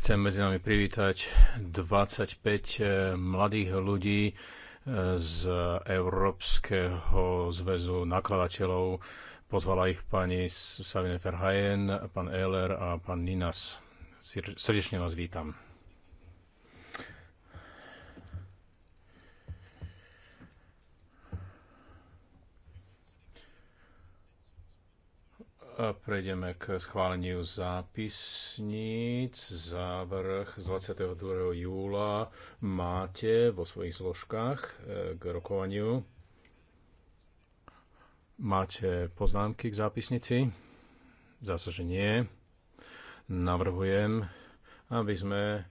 Chcem medzi nami privítať 25 eh, mladých ľudí eh, z Európskeho zväzu nakladateľov. Pozvala ich pani Savine Verheyen, pán Ehler a pán Ninas. Srdečne vás vítam. Prejdeme k schváleniu zápisníc. Závrh z 22. júla máte vo svojich zložkách e, k rokovaniu. Máte poznámky k zápisnici? Zase, že nie. Navrhujem, aby sme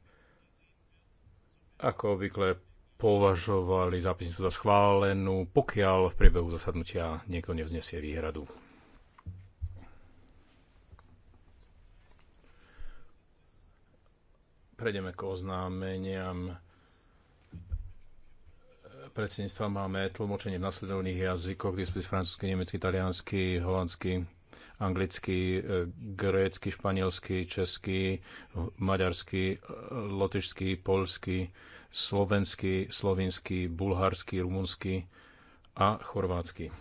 ako obvykle považovali zápisnicu za schválenú, pokiaľ v priebehu zasadnutia niekto nevznesie výhradu. Prejdeme k oznámeniam predsedníctva. Máme tlmočenie v nasledovných jazykoch, kde sú francúzsky, nemecky, taliansky, holandsky, anglicky, e, grécky, španielsky, česky, maďarsky, e, lotyšsky, polsky, slovensky, slovinsky, bulharsky, rumunsky a chorvátsky.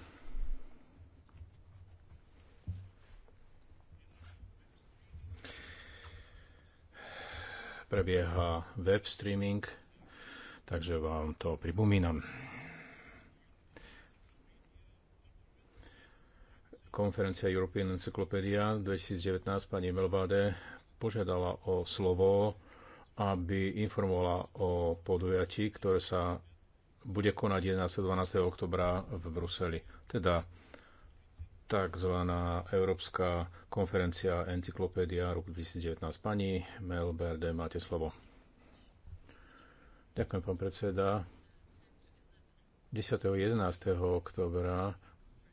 prebieha web streaming, takže vám to pripomínam. Konferencia European Encyclopedia 2019 pani Melvade požiadala o slovo, aby informovala o podujatí, ktoré sa bude konať 11. 12. oktobra v Bruseli. Teda tzv. Európska konferencia Encyklopédia roku 2019. Pani Melberde, máte slovo. Ďakujem, pán predseda. 10. 11. oktobra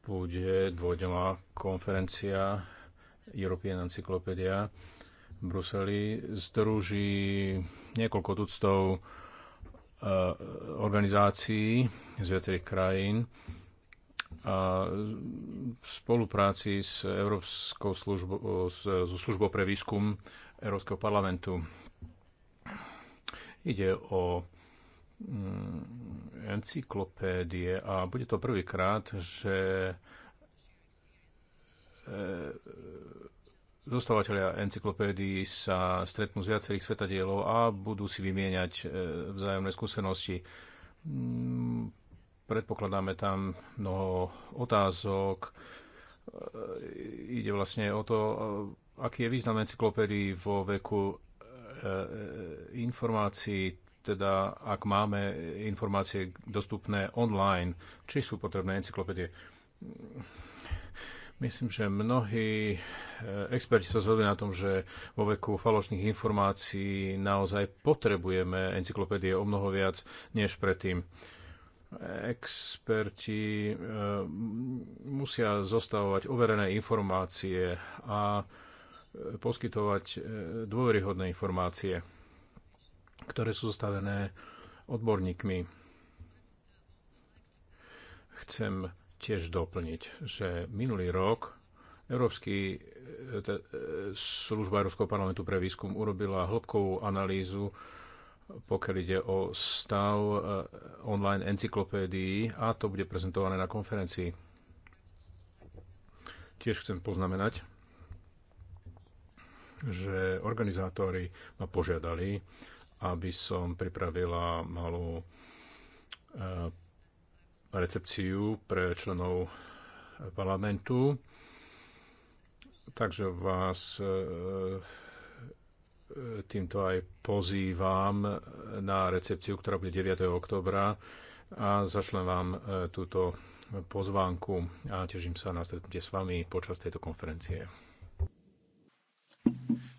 bude dvojdelná konferencia European Encyclopedia v Bruseli. Združí niekoľko tuctov eh, organizácií z viacerých krajín a v spolupráci s Európskou službou, so službou pre výskum Európskeho parlamentu. Ide o mm, encyklopédie a bude to prvýkrát, že e, zostávateľia encyklopédií sa stretnú z viacerých svetadielov a budú si vymieňať e, vzájomné skúsenosti mm, Predpokladáme tam mnoho otázok. E, ide vlastne o to, e, aký je význam encyklopédií vo veku e, informácií, teda ak máme informácie dostupné online, či sú potrebné encyklopédie. Myslím, že mnohí experti sa zhodli na tom, že vo veku falošných informácií naozaj potrebujeme encyklopédie o mnoho viac než predtým experti eh, musia zostavovať overené informácie a eh, poskytovať eh, dôveryhodné informácie, ktoré sú zostavené odborníkmi. Chcem tiež doplniť, že minulý rok Európsky, služba Európskeho parlamentu pre výskum urobila hĺbkovú analýzu pokiaľ ide o stav e, online encyklopédií a to bude prezentované na konferencii. Tiež chcem poznamenať, že organizátori ma požiadali, aby som pripravila malú e, recepciu pre členov parlamentu. Takže vás e, týmto aj pozývam na recepciu, ktorá bude 9. oktobra a zašlem vám e, túto pozvánku a teším sa na stretnutie s vami počas tejto konferencie.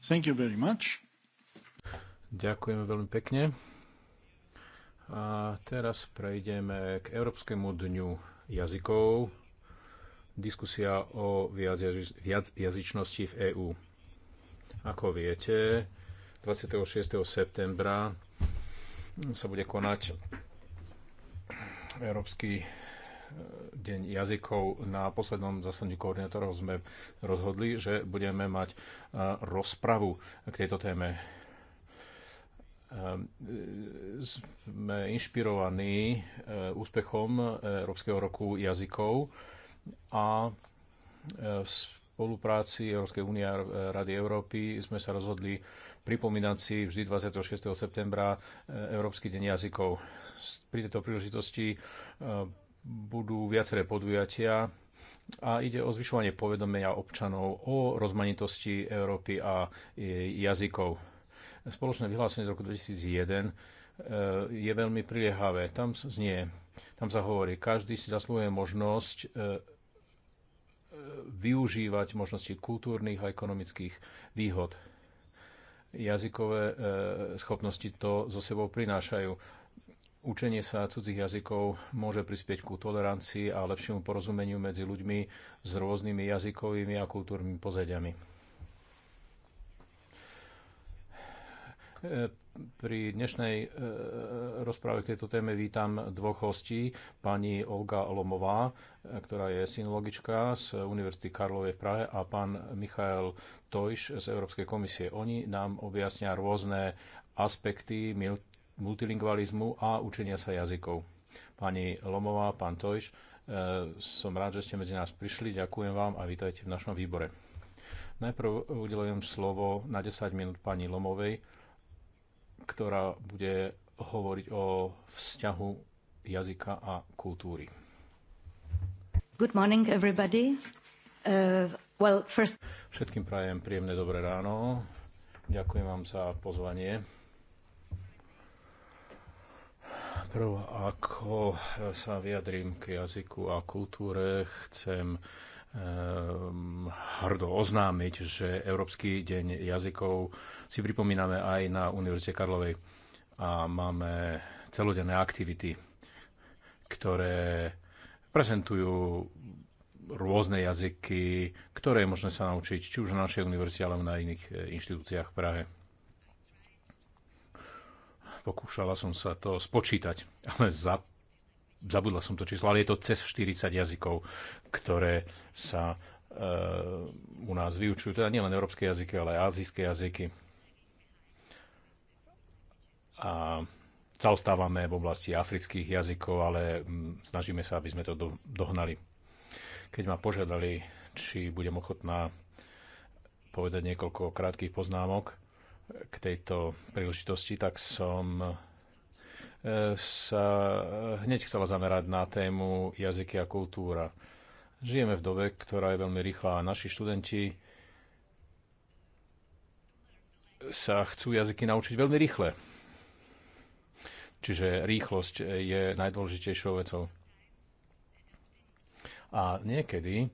Thank you very much. Ďakujeme veľmi pekne. A teraz prejdeme k Európskemu dňu jazykov. Diskusia o viac, viac jazyčnosti v EÚ. Ako viete, 26. septembra sa bude konať Európsky e, deň jazykov. Na poslednom zasadnutí koordinátorov sme rozhodli, že budeme mať e, rozpravu k tejto téme. E, sme inšpirovaní úspechom Európskeho roku jazykov a v spolupráci Európskej únie a Rady Európy sme sa rozhodli pripomínať si vždy 26. septembra e, Európsky deň jazykov. Pri tejto príležitosti e, budú viaceré podujatia a ide o zvyšovanie povedomia občanov o rozmanitosti Európy a jazykov. Spoločné vyhlásenie z roku 2001 e, je veľmi priliehavé. Tam znie, tam sa hovorí, každý si zaslúhuje možnosť využívať možnosti kultúrnych a ekonomických výhod jazykové e, schopnosti to zo sebou prinášajú. Učenie sa cudzích jazykov môže prispieť ku tolerancii a lepšiemu porozumeniu medzi ľuďmi s rôznymi jazykovými a kultúrnymi pozadiami. E, pri dnešnej e, rozprave k tejto téme vítam dvoch hostí. Pani Olga Lomová, e, ktorá je synologička z Univerzity Karlovej v Prahe a pán Michael Tojš z Európskej komisie. Oni nám objasnia rôzne aspekty multilingvalizmu a učenia sa jazykov. Pani Lomová, pán Tojš, e, som rád, že ste medzi nás prišli. Ďakujem vám a vítajte v našom výbore. Najprv udelujem slovo na 10 minút pani Lomovej, ktorá bude hovoriť o vzťahu jazyka a kultúry. Good morning, everybody. Uh, well, first... Všetkým prajem príjemné dobré ráno. Ďakujem vám za pozvanie. Prvo, ako sa vyjadrím k jazyku a kultúre, chcem Ehm, hrdo oznámiť, že Európsky deň jazykov si pripomíname aj na Univerzite Karlovej a máme celodenné aktivity, ktoré prezentujú rôzne jazyky, ktoré je možné sa naučiť či už na našej univerzite, alebo na iných e, inštitúciách v Prahe. Pokúšala som sa to spočítať, ale za zabudla som to číslo, ale je to cez 40 jazykov, ktoré sa e, u nás vyučujú. Teda nielen európske jazyky, ale aj azijské jazyky. A zaostávame v oblasti afrických jazykov, ale snažíme sa, aby sme to do, dohnali. Keď ma požiadali, či budem ochotná povedať niekoľko krátkých poznámok k tejto príležitosti, tak som sa hneď chcela zamerať na tému jazyky a kultúra. Žijeme v dobe, ktorá je veľmi rýchla a naši študenti sa chcú jazyky naučiť veľmi rýchle. Čiže rýchlosť je najdôležitejšou vecou. A niekedy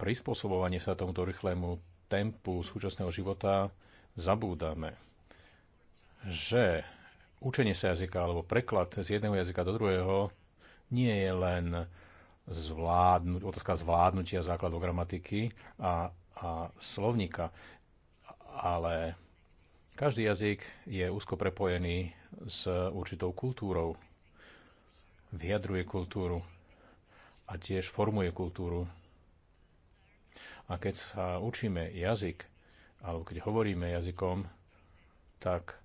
prispôsobovanie sa tomuto rýchlemu tempu súčasného života zabúdame, že učenie sa jazyka alebo preklad z jedného jazyka do druhého nie je len zvládnu, otázka zvládnutia základov gramatiky a, a slovníka, ale každý jazyk je úzko prepojený s určitou kultúrou, vyjadruje kultúru a tiež formuje kultúru. A keď sa učíme jazyk, alebo keď hovoríme jazykom, tak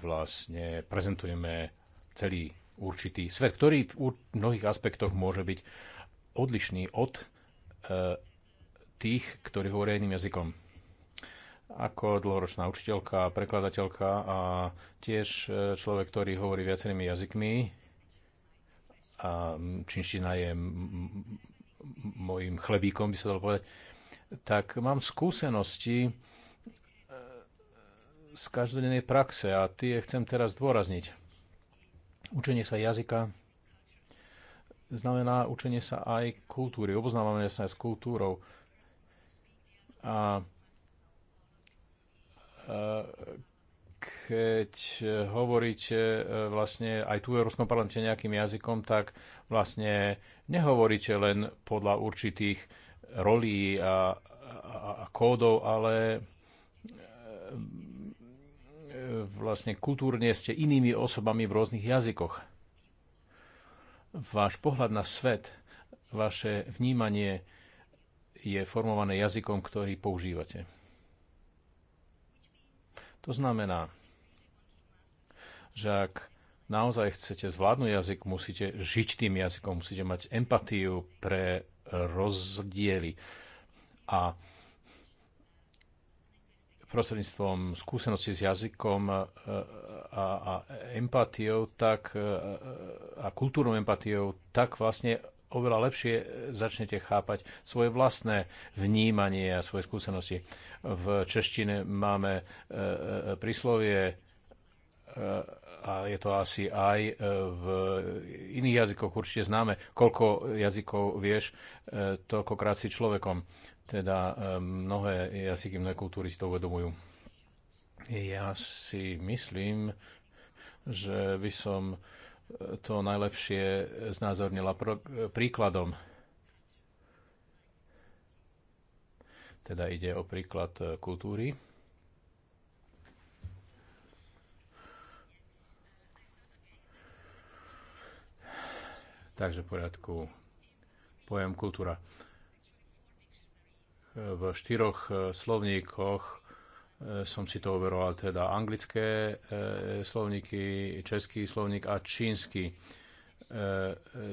vlastne prezentujeme celý určitý svet, ktorý v mnohých aspektoch môže byť odlišný od tých, ktorí hovoria iným jazykom. Ako dlhoročná učiteľka, prekladateľka a tiež človek, ktorý hovorí viacerými jazykmi, a čínština je mojim chlebíkom, by sa dalo povedať, tak mám skúsenosti z každodennej praxe a tie chcem teraz zdôrazniť. Učenie sa jazyka znamená učenie sa aj kultúry. oboznávanie sa aj s kultúrou. A keď hovoríte e, vlastne aj tu v Európskom parlamente nejakým jazykom, tak vlastne nehovoríte len podľa určitých rolí a, a, a kódov, ale e, vlastne kultúrne ste inými osobami v rôznych jazykoch. Váš pohľad na svet, vaše vnímanie je formované jazykom, ktorý používate. To znamená, že ak naozaj chcete zvládnuť jazyk, musíte žiť tým jazykom, musíte mať empatiu pre rozdiely. A prostredníctvom skúsenosti s jazykom a, e, a, a empatiou, tak e, a kultúrnou empatiou, tak vlastne oveľa lepšie začnete chápať svoje vlastné vnímanie a svoje skúsenosti. V češtine máme e, príslovie a je to asi aj v iných jazykoch určite známe, koľko jazykov vieš, toľkokrát si človekom. Teda eh, mnohé jazyky, mnohé kultúry si to uvedomujú. Ja si myslím, že by som eh, to najlepšie znázornila eh, príkladom. Teda ide o príklad kultúry. Takže v poriadku. Pojem kultúra v štyroch e, slovníkoch e, som si to overoval, teda anglické e, slovníky, český slovník a čínsky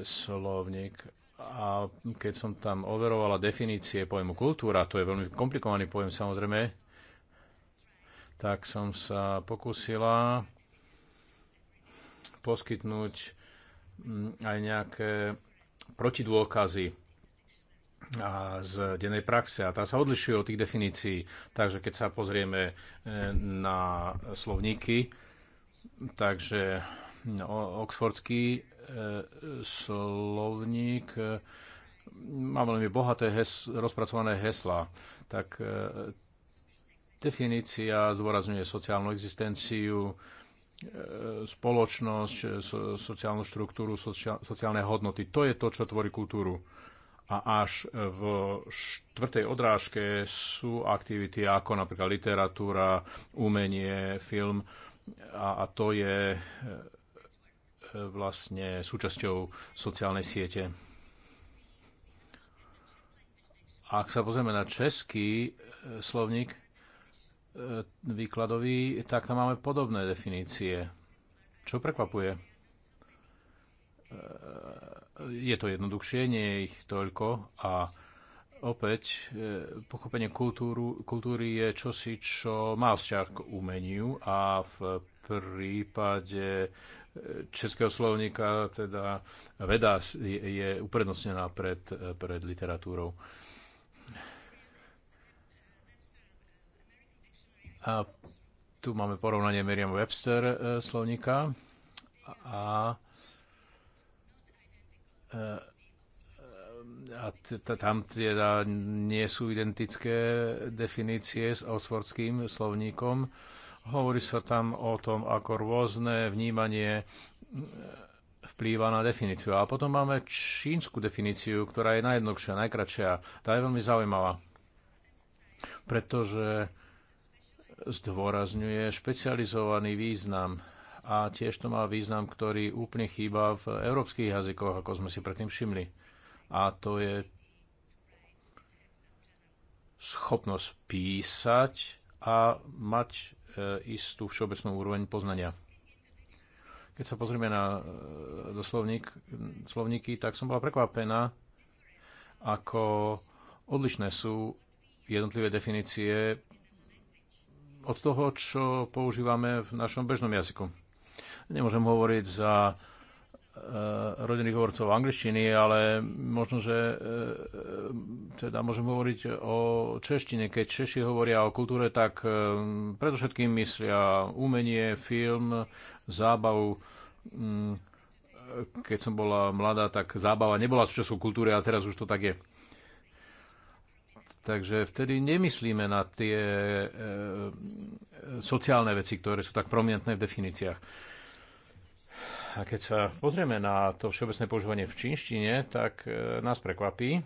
slovník. A keď som tam overovala definície pojmu kultúra, to je veľmi komplikovaný pojem samozrejme, tak som sa pokúsila poskytnúť mm, aj nejaké protidôkazy a z dennej praxe a tá sa odlišuje od tých definícií. Takže keď sa pozrieme e, na slovníky, takže no, oxfordský e, slovník e, má veľmi bohaté hes, rozpracované hesla. Tak definícia zdôrazňuje sociálnu existenciu, spoločnosť, sociálnu štruktúru, sociálne hodnoty. To je to, čo tvorí kultúru a až e, v štvrtej odrážke sú aktivity ako napríklad literatúra, umenie, film a, a to je e, e, vlastne súčasťou sociálnej siete. Ak sa pozrieme na český slovník výkladový, tak tam máme podobné definície. Čo prekvapuje? je to jednoduchšie, nie je ich toľko a opäť e, pochopenie kultúru, kultúry je čosi, čo má vzťah k umeniu a v prípade e, českého slovníka teda veda je uprednostnená pred, e, pred literatúrou. A tu máme porovnanie Merriam Webster slovníka a a tam teda nie sú identické definície s oxfordským slovníkom. Hovorí sa tam o tom, ako rôzne vnímanie e, vplýva na definíciu. A potom máme čínsku definíciu, ktorá je najjednoduchšia, najkračšia. Tá je veľmi zaujímavá, pretože zdôrazňuje špecializovaný význam a tiež to má význam, ktorý úplne chýba v európskych jazykoch, ako sme si predtým všimli. A to je schopnosť písať a mať e, istú všeobecnú úroveň poznania. Keď sa pozrieme na e, do slovníky, tak som bola prekvapená, ako odlišné sú jednotlivé definície od toho, čo používame v našom bežnom jazyku. Nemôžem hovoriť za eh, rodinných hovorcov angličtiny, ale možno, že eh, teda môžem hovoriť o češtine. Keď Češi hovoria o kultúre, tak eh, predovšetkým myslia umenie, film, zábavu. Mm, keď som bola mladá, tak zábava nebola súčasťou kultúry a teraz už to tak je. Takže vtedy nemyslíme na tie e, sociálne veci, ktoré sú tak prominentné v definíciách. A keď sa pozrieme na to všeobecné používanie v čínštine, tak e, nás prekvapí,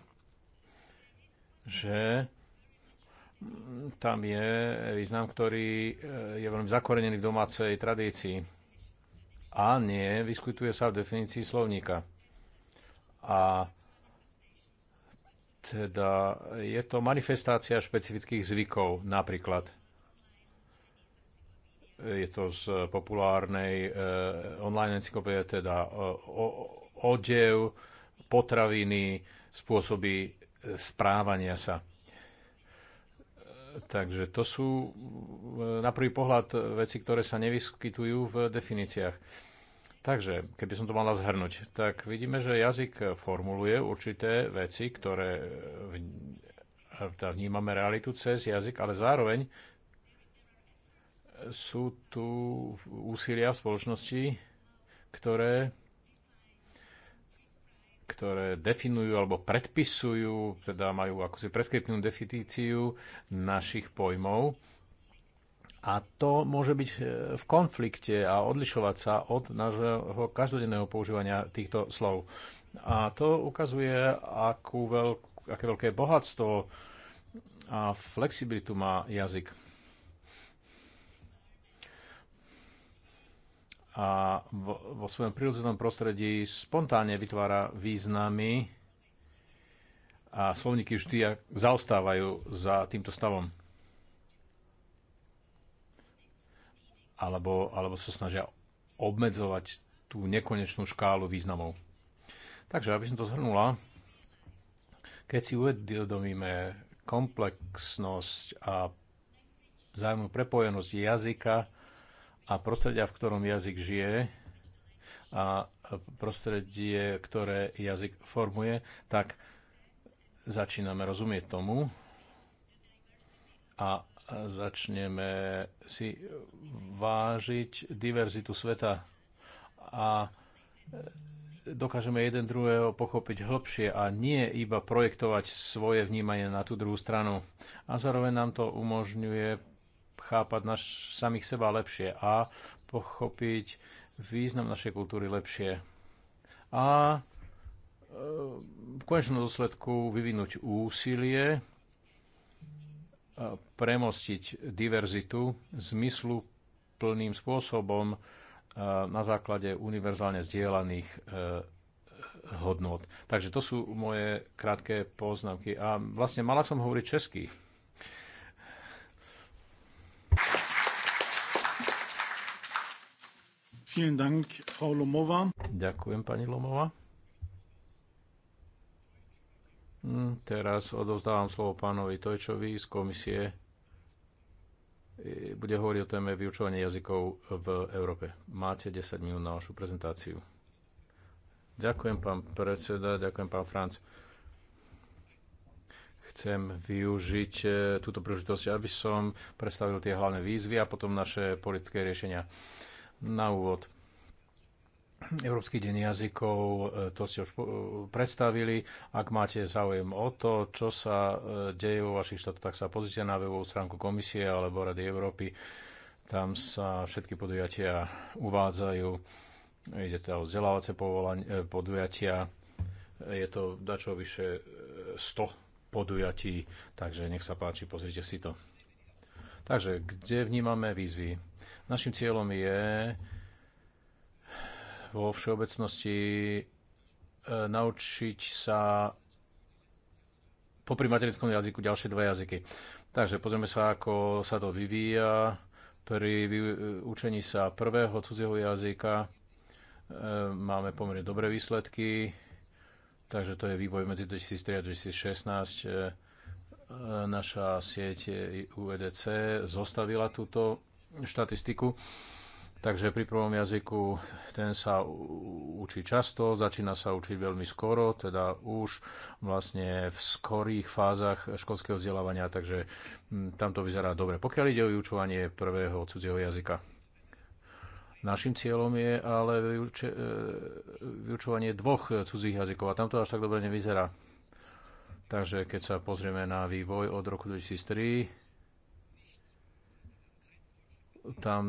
že tam je význam, ktorý e, je veľmi zakorenený v domácej tradícii a nie vyskytuje sa v definícii slovníka. A teda je to manifestácia špecifických zvykov napríklad. Je to z populárnej e, online encyklopédie, teda e, odev, potraviny, spôsoby e, správania sa. Takže to sú na prvý pohľad veci, ktoré sa nevyskytujú v definíciách. Takže, keby som to mala zhrnúť, tak vidíme, že jazyk formuluje určité veci, ktoré teda vnímame realitu cez jazyk, ale zároveň sú tu úsilia v spoločnosti, ktoré, ktoré definujú alebo predpisujú, teda majú akúsi akože preskriptnú definíciu našich pojmov. A to môže byť e, v konflikte a odlišovať sa od nášho každodenného používania týchto slov. A to ukazuje, akú veľk, aké veľké bohatstvo a flexibilitu má jazyk. a vo, vo svojom prírodzenom prostredí spontánne vytvára významy a slovníky vždy zaostávajú za týmto stavom. Alebo, alebo sa snažia obmedzovať tú nekonečnú škálu významov. Takže, aby som to zhrnula, keď si uvedomíme komplexnosť a zájmu prepojenosť jazyka, a prostredia, v ktorom jazyk žije a prostredie, ktoré jazyk formuje, tak začíname rozumieť tomu a začneme si vážiť diverzitu sveta a dokážeme jeden druhého pochopiť hlbšie a nie iba projektovať svoje vnímanie na tú druhú stranu. A zároveň nám to umožňuje chápať naš, samých seba lepšie a pochopiť význam našej kultúry lepšie. A e, v konečnom dôsledku vyvinúť úsilie, premostiť diverzitu zmyslu plným spôsobom e, na základe univerzálne zdieľaných e, hodnot. Takže to sú moje krátke poznámky. A vlastne mala som hovoriť česky. Dank, Frau Lomova. Ďakujem, pani Lomova. Hm, teraz odovzdávam slovo pánovi Tojčovi z komisie. Bude hovoriť o téme vyučovania jazykov v Európe. Máte 10 minút na vašu prezentáciu. Ďakujem, pán predseda, ďakujem, pán Franc. Chcem využiť e, túto príležitosť, aby som predstavil tie hlavné výzvy a potom naše politické riešenia. Na úvod. Európsky deň jazykov, e, to ste už e, predstavili. Ak máte záujem o to, čo sa e, deje vo vašich štátoch, tak sa pozrite na webovú stránku Komisie alebo Rady Európy. Tam sa všetky podujatia uvádzajú. Ide teda o vzdelávacie podujatia. Je to dačo vyše 100 podujatí, takže nech sa páči, pozrite si to. Takže, kde vnímame výzvy? Našim cieľom je vo všeobecnosti e, naučiť sa popri materinskom jazyku ďalšie dva jazyky. Takže pozrieme sa, ako sa to vyvíja pri e, učení sa prvého cudzieho jazyka. E, máme pomerne dobré výsledky, takže to je vývoj medzi 2003 a 2016 Naša sieť UEDC zostavila túto štatistiku. Takže pri prvom jazyku ten sa učí často, začína sa učiť veľmi skoro, teda už vlastne v skorých fázach školského vzdelávania, takže hm, tam to vyzerá dobre. Pokiaľ ide o vyučovanie prvého cudzieho jazyka. Našim cieľom je ale e, vyučovanie dvoch cudzích jazykov a tam to až tak dobre nevyzerá Takže keď sa pozrieme na vývoj od roku 2003, tam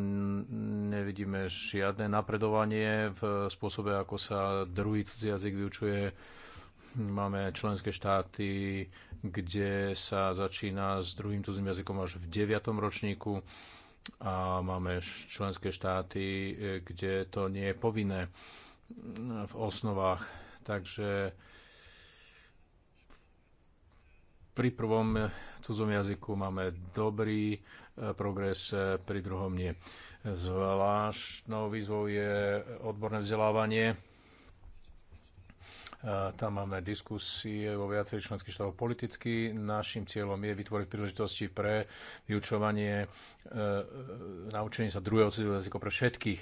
nevidíme žiadne napredovanie v spôsobe, ako sa druhý cudzí jazyk vyučuje. Máme členské štáty, kde sa začína s druhým cudzím jazykom až v 9. ročníku a máme členské štáty, kde to nie je povinné v osnovách. Takže pri prvom eh, cudzom jazyku máme dobrý eh, progres, eh, pri druhom nie. Zvláštnou výzvou je odborné vzdelávanie. Tam máme diskusie vo viacerých členských štátoch politicky. Našim cieľom je vytvoriť príležitosti pre vyučovanie, naučenie sa druhého cudzieho jazyka pre všetkých.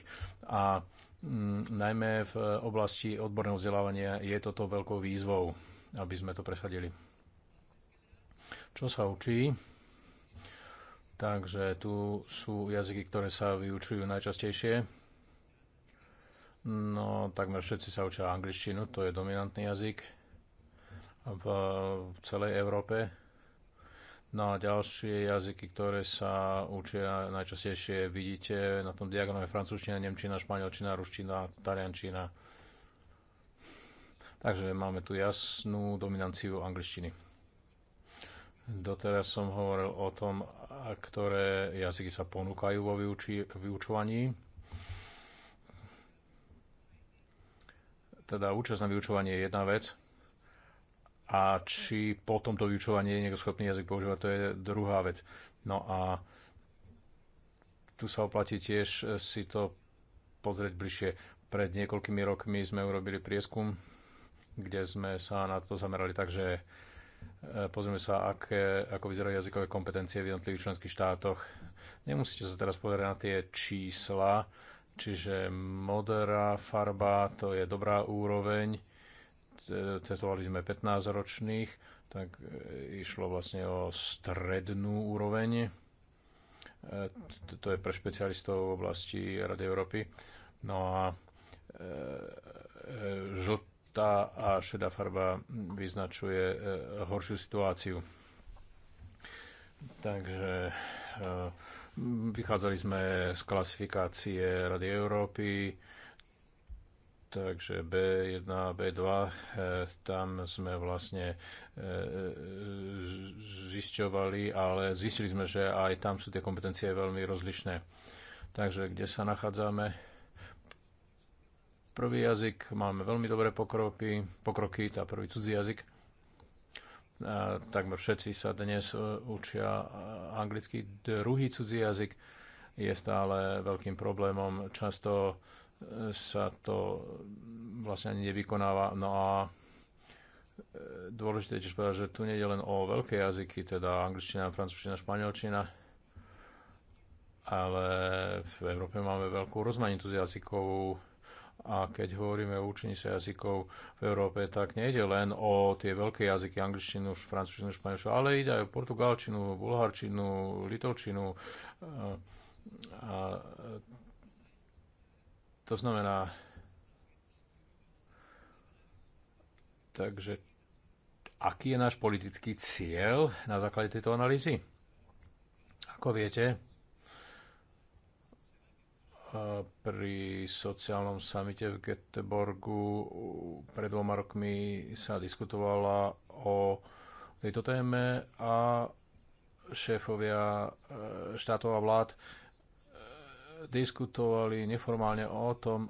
A mm, najmä v oblasti odborného vzdelávania je toto veľkou výzvou, aby sme to presadili čo sa učí. Takže tu sú jazyky, ktoré sa vyučujú najčastejšie. No, takmer všetci sa učia angličtinu, to je dominantný jazyk v celej Európe. No a ďalšie jazyky, ktoré sa učia najčastejšie, vidíte na tom diagrame francúzština, nemčina, španielčina, ruština, taliančina. Takže máme tu jasnú dominanciu angličtiny. Doteraz som hovoril o tom, ktoré jazyky sa ponúkajú vo vyuči- vyučovaní. Teda účasť na vyučovanie je jedna vec a či po tomto vyučovanie je niekto schopný jazyk používať, to je druhá vec. No a tu sa oplatí tiež si to pozrieť bližšie. Pred niekoľkými rokmi sme urobili prieskum, kde sme sa na to zamerali tak, že E, pozrieme sa, aké, ako vyzerajú jazykové kompetencie v jednotlivých členských štátoch. Nemusíte sa teraz pozrieť na tie čísla, čiže modrá farba, to je dobrá úroveň. Cestovali sme 15-ročných, tak e, išlo vlastne o strednú úroveň. E, to je pre špecialistov v oblasti Rady Európy. No a žlt žltá a šedá farba vyznačuje e, horšiu situáciu. Takže e, vychádzali sme z klasifikácie Rady Európy, takže B1, B2, e, tam sme vlastne zisťovali, ale zistili sme, že aj tam sú tie kompetencie veľmi rozlišné. Takže kde sa nachádzame? Prvý jazyk, máme veľmi dobré pokroky, pokroky tá prvý cudzí jazyk. A takmer všetci sa dnes e, učia e, anglicky. Druhý cudzí jazyk je stále veľkým problémom. Často e, sa to vlastne ani nevykonáva. No a dôležité tiež povedať, že tu nie je len o veľké jazyky, teda angličtina, francúzština, španielčina, ale v Európe máme veľkú rozmanitosť jazykovú a keď hovoríme o učení sa jazykov v Európe, tak nejde len o tie veľké jazyky, angličtinu, francúzštinu, španielčinu, ale ide aj o portugalčinu, bulharčinu, litovčinu. A to znamená, takže aký je náš politický cieľ na základe tejto analýzy? Ako viete, pri sociálnom samite v Göteborgu pred dvoma rokmi sa diskutovala o tejto téme a šéfovia e, štátov a vlád e, diskutovali neformálne o tom,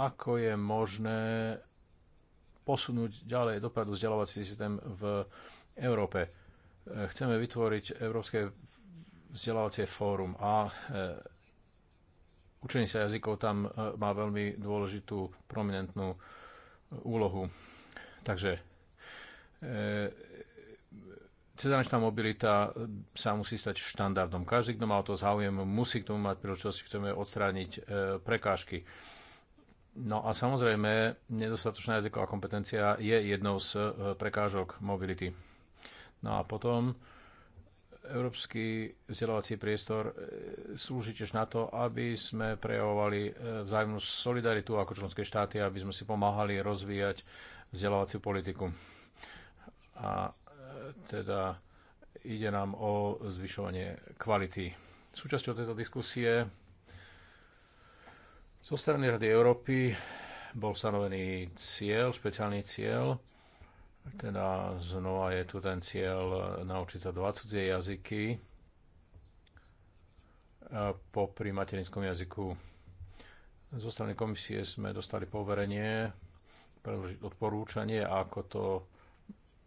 ako je možné posunúť ďalej dopredu vzdelávací systém v Európe. E, chceme vytvoriť Európske vzdelávacie fórum a učenie sa jazykov tam e, má veľmi dôležitú, prominentnú e, úlohu. Takže e, cezhraničná mobilita sa musí stať štandardom. Každý, kto má o to záujem, musí k tomu mať príležitosť, chceme odstrániť prekážky. No a samozrejme, nedostatočná jazyková kompetencia je jednou z prekážok mobility. No a potom Európsky vzdelávací priestor e, slúži tiež na to, aby sme prejavovali e, vzájomnú solidaritu ako členské štáty, aby sme si pomáhali rozvíjať vzdelávaciu politiku. A e, teda ide nám o zvyšovanie kvality. Súčasťou tejto diskusie zo strany Rady Európy bol stanovený cieľ, špeciálny cieľ, teda znova je tu ten cieľ naučiť sa dva cudzie jazyky po pri materinskom jazyku. Zo strany komisie sme dostali poverenie predložiť odporúčanie, ako to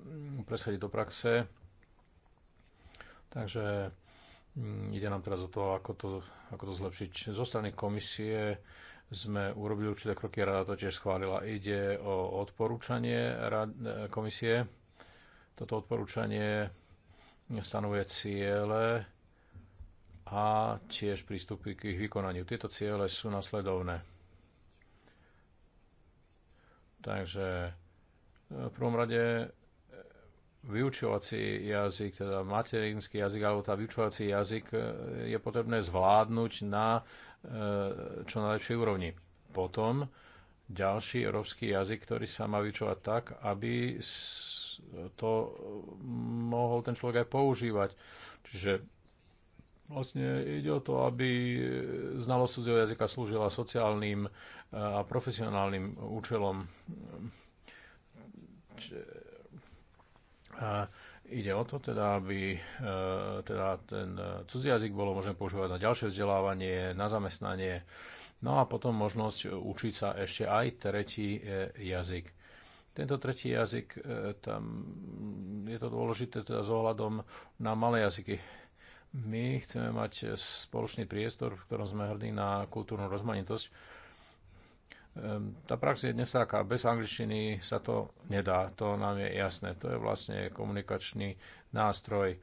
mm, presvediť do praxe. Takže mm, ide nám teraz o to, ako to, ako to zlepšiť. Zo strany komisie sme urobili určité kroky, rada to tiež schválila. Ide o odporúčanie komisie. Toto odporúčanie stanovuje ciele a tiež prístupy k ich vykonaniu. Tieto ciele sú nasledovné. Takže v prvom rade vyučovací jazyk, teda materinský jazyk alebo tá vyučovací jazyk e, je potrebné zvládnuť na e, čo najlepšej úrovni. Potom ďalší európsky jazyk, ktorý sa má vyučovať tak, aby to mohol ten človek aj používať. Čiže vlastne ide o to, aby znalosť cudzieho jazyka slúžila sociálnym e, a profesionálnym účelom. Čiže Ide o to teda, aby e, teda ten e, cudzí jazyk bolo možné používať na ďalšie vzdelávanie, na zamestnanie, no a potom možnosť učiť sa ešte aj tretí e, jazyk. Tento tretí jazyk, tam je to dôležité teda s ohľadom na malé jazyky. My chceme mať spoločný priestor, v ktorom sme hrdí na kultúrnu rozmanitosť, tá prax je dnes taká, bez angličtiny sa to nedá, to nám je jasné. To je vlastne komunikačný nástroj.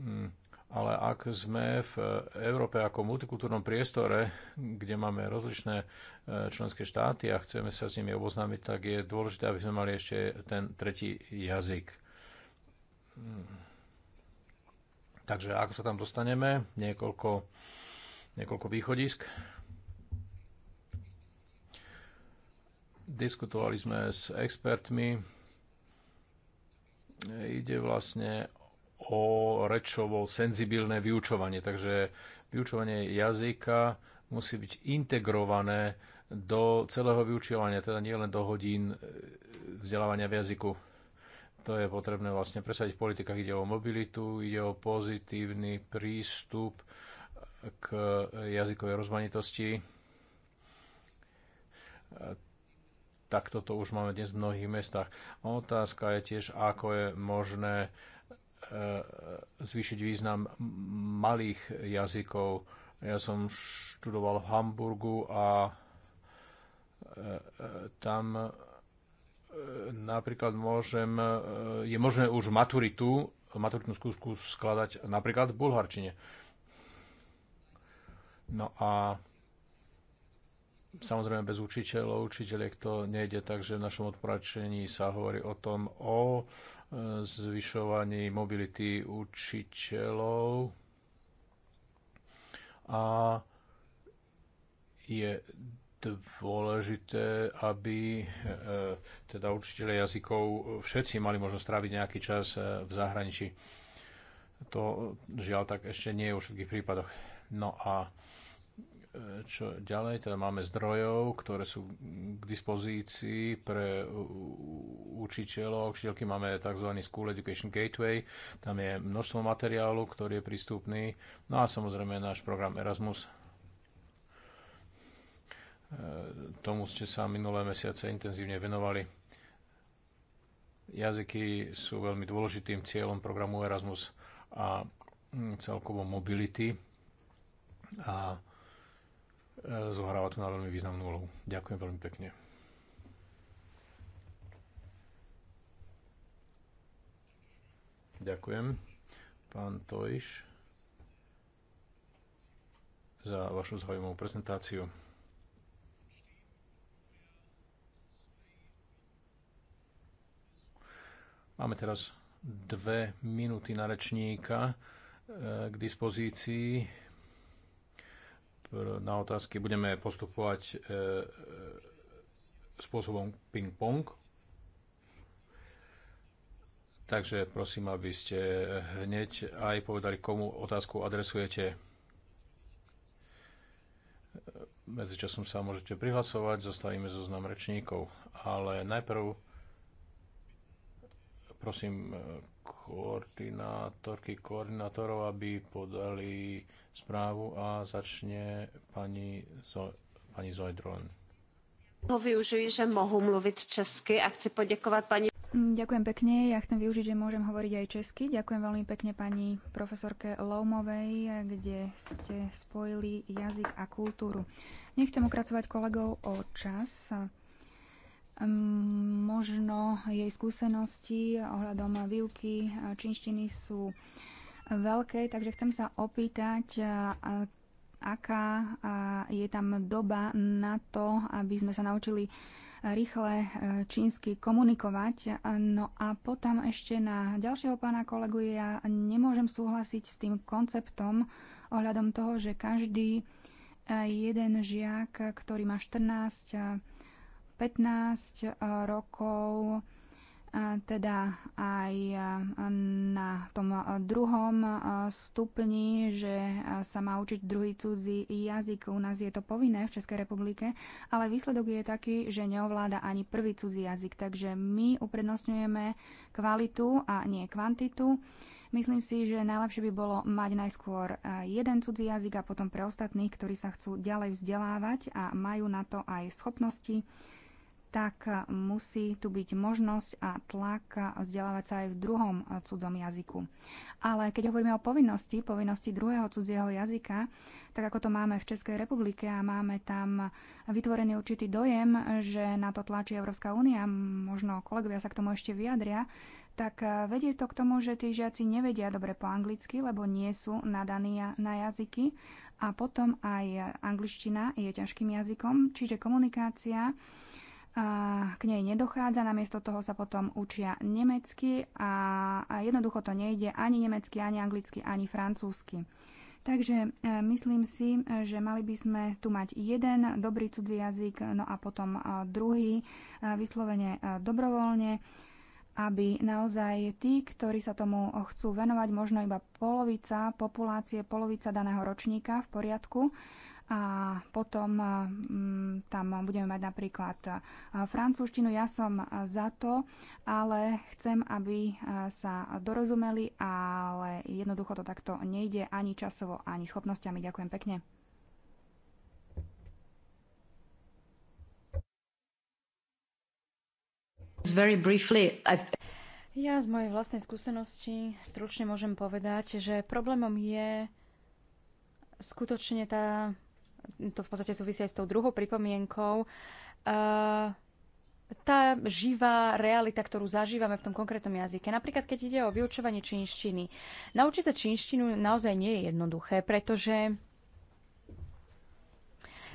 Mm, ale ak sme v e, Európe ako multikultúrnom priestore, kde máme rozličné e, členské štáty a chceme sa s nimi oboznámiť, tak je dôležité, aby sme mali ešte ten tretí jazyk. Mm. Takže ako sa tam dostaneme? Niekoľko, niekoľko východisk. Diskutovali sme s expertmi. Ide vlastne o rečovo senzibilné vyučovanie, takže vyučovanie jazyka musí byť integrované do celého vyučovania, teda nie len do hodín e, vzdelávania v jazyku. To je potrebné vlastne presadiť v politikách. Ide o mobilitu, ide o pozitívny prístup k jazykovej rozmanitosti. Takto to už máme dnes v mnohých mestách. Otázka je tiež, ako je možné e, zvýšiť význam malých jazykov. Ja som študoval v Hamburgu a e, e, tam napríklad môžem, je možné už maturitu, maturitnú skúsku skladať napríklad v bulharčine. No a Samozrejme bez učiteľov, učiteľiek to nejde, takže v našom odporačení sa hovorí o tom o e, zvyšovaní mobility učiteľov a je dôležité, aby e, teda učiteľe jazykov všetci mali možnosť stráviť nejaký čas e, v zahraničí. To žiaľ tak ešte nie je vo všetkých prípadoch. No a E, čo ďalej, teda máme zdrojov, ktoré sú k dispozícii pre učiteľov, učiteľky máme tzv. School Education Gateway, tam je množstvo materiálu, ktorý je prístupný, no a samozrejme náš program Erasmus. E, tomu ste sa minulé mesiace intenzívne venovali. Jazyky sú veľmi dôležitým cieľom programu Erasmus a celkovo mobility a E, zohráva tu na veľmi významnú úlohu. Ďakujem veľmi pekne. Ďakujem, pán Tojš, za vašu zaujímavú prezentáciu. Máme teraz dve minúty na rečníka e, k dispozícii na otázky budeme postupovať e, e, spôsobom ping-pong. Takže prosím, aby ste hneď aj povedali, komu otázku adresujete. Medzičasom sa môžete prihlasovať, zostavíme zoznam rečníkov. Ale najprv prosím eh, koordinátorky, koordinátorov, aby podali správu a začne pani, Zo, pani Zojdron. Využij, že mohu mluviť česky a chci poďakovať pani Ďakujem pekne. Ja chcem využiť, že môžem hovoriť aj česky. Ďakujem veľmi pekne pani profesorke Loumovej, kde ste spojili jazyk a kultúru. Nechcem ukracovať kolegov o čas. Možno jej skúsenosti ohľadom výuky čínštiny sú veľké, takže chcem sa opýtať, aká je tam doba na to, aby sme sa naučili rýchle e, čínsky komunikovať. No a potom ešte na ďalšieho pána kolegu ja nemôžem súhlasiť s tým konceptom ohľadom toho, že každý e, jeden žiak, ktorý má 14 15 eh, rokov, eh, teda aj eh, na tom druhom stupni, že sa má učiť druhý cudzí jazyk. U nás je to povinné v Českej republike, ale výsledok je taký, že neovláda ani prvý cudzí jazyk. Takže my uprednostňujeme kvalitu a nie kvantitu. Myslím si, že najlepšie by bolo mať najskôr jeden cudzí jazyk a potom pre ostatných, ktorí sa chcú ďalej vzdelávať a majú na to aj schopnosti, tak musí tu byť možnosť a tlak vzdelávať sa aj v druhom cudzom jazyku. Ale keď hovoríme o povinnosti, povinnosti druhého cudzieho jazyka, tak ako to máme v Českej republike a máme tam vytvorený určitý dojem, že na to tlačí Európska únia, možno kolegovia sa k tomu ešte vyjadria, tak vedie to k tomu, že tí žiaci nevedia dobre po anglicky, lebo nie sú nadaní na jazyky a potom aj angličtina je ťažkým jazykom, čiže komunikácia a k nej nedochádza, namiesto toho sa potom učia nemecky a, a jednoducho to nejde ani nemecky, ani anglicky, ani francúzsky. Takže e, myslím si, že mali by sme tu mať jeden dobrý cudzí jazyk, no a potom e, druhý e, vyslovene dobrovoľne, aby naozaj tí, ktorí sa tomu chcú venovať, možno iba polovica populácie, polovica daného ročníka v poriadku, a potom eh, mm, tam budeme mať napríklad eh, francúzštinu. Ja som eh, za to, ale chcem, aby sa dorozumeli, ale jednoducho to takto nejde ani časovo, ani schopnosťami. Ďakujem pekne. Very briefly, Ja z mojej vlastnej skúsenosti stručne môžem povedať, že problémom je skutočne tá to v podstate súvisí aj s tou druhou pripomienkou, e, tá živá realita, ktorú zažívame v tom konkrétnom jazyke. Napríklad, keď ide o vyučovanie čínštiny. Naučiť sa čínštinu naozaj nie je jednoduché, pretože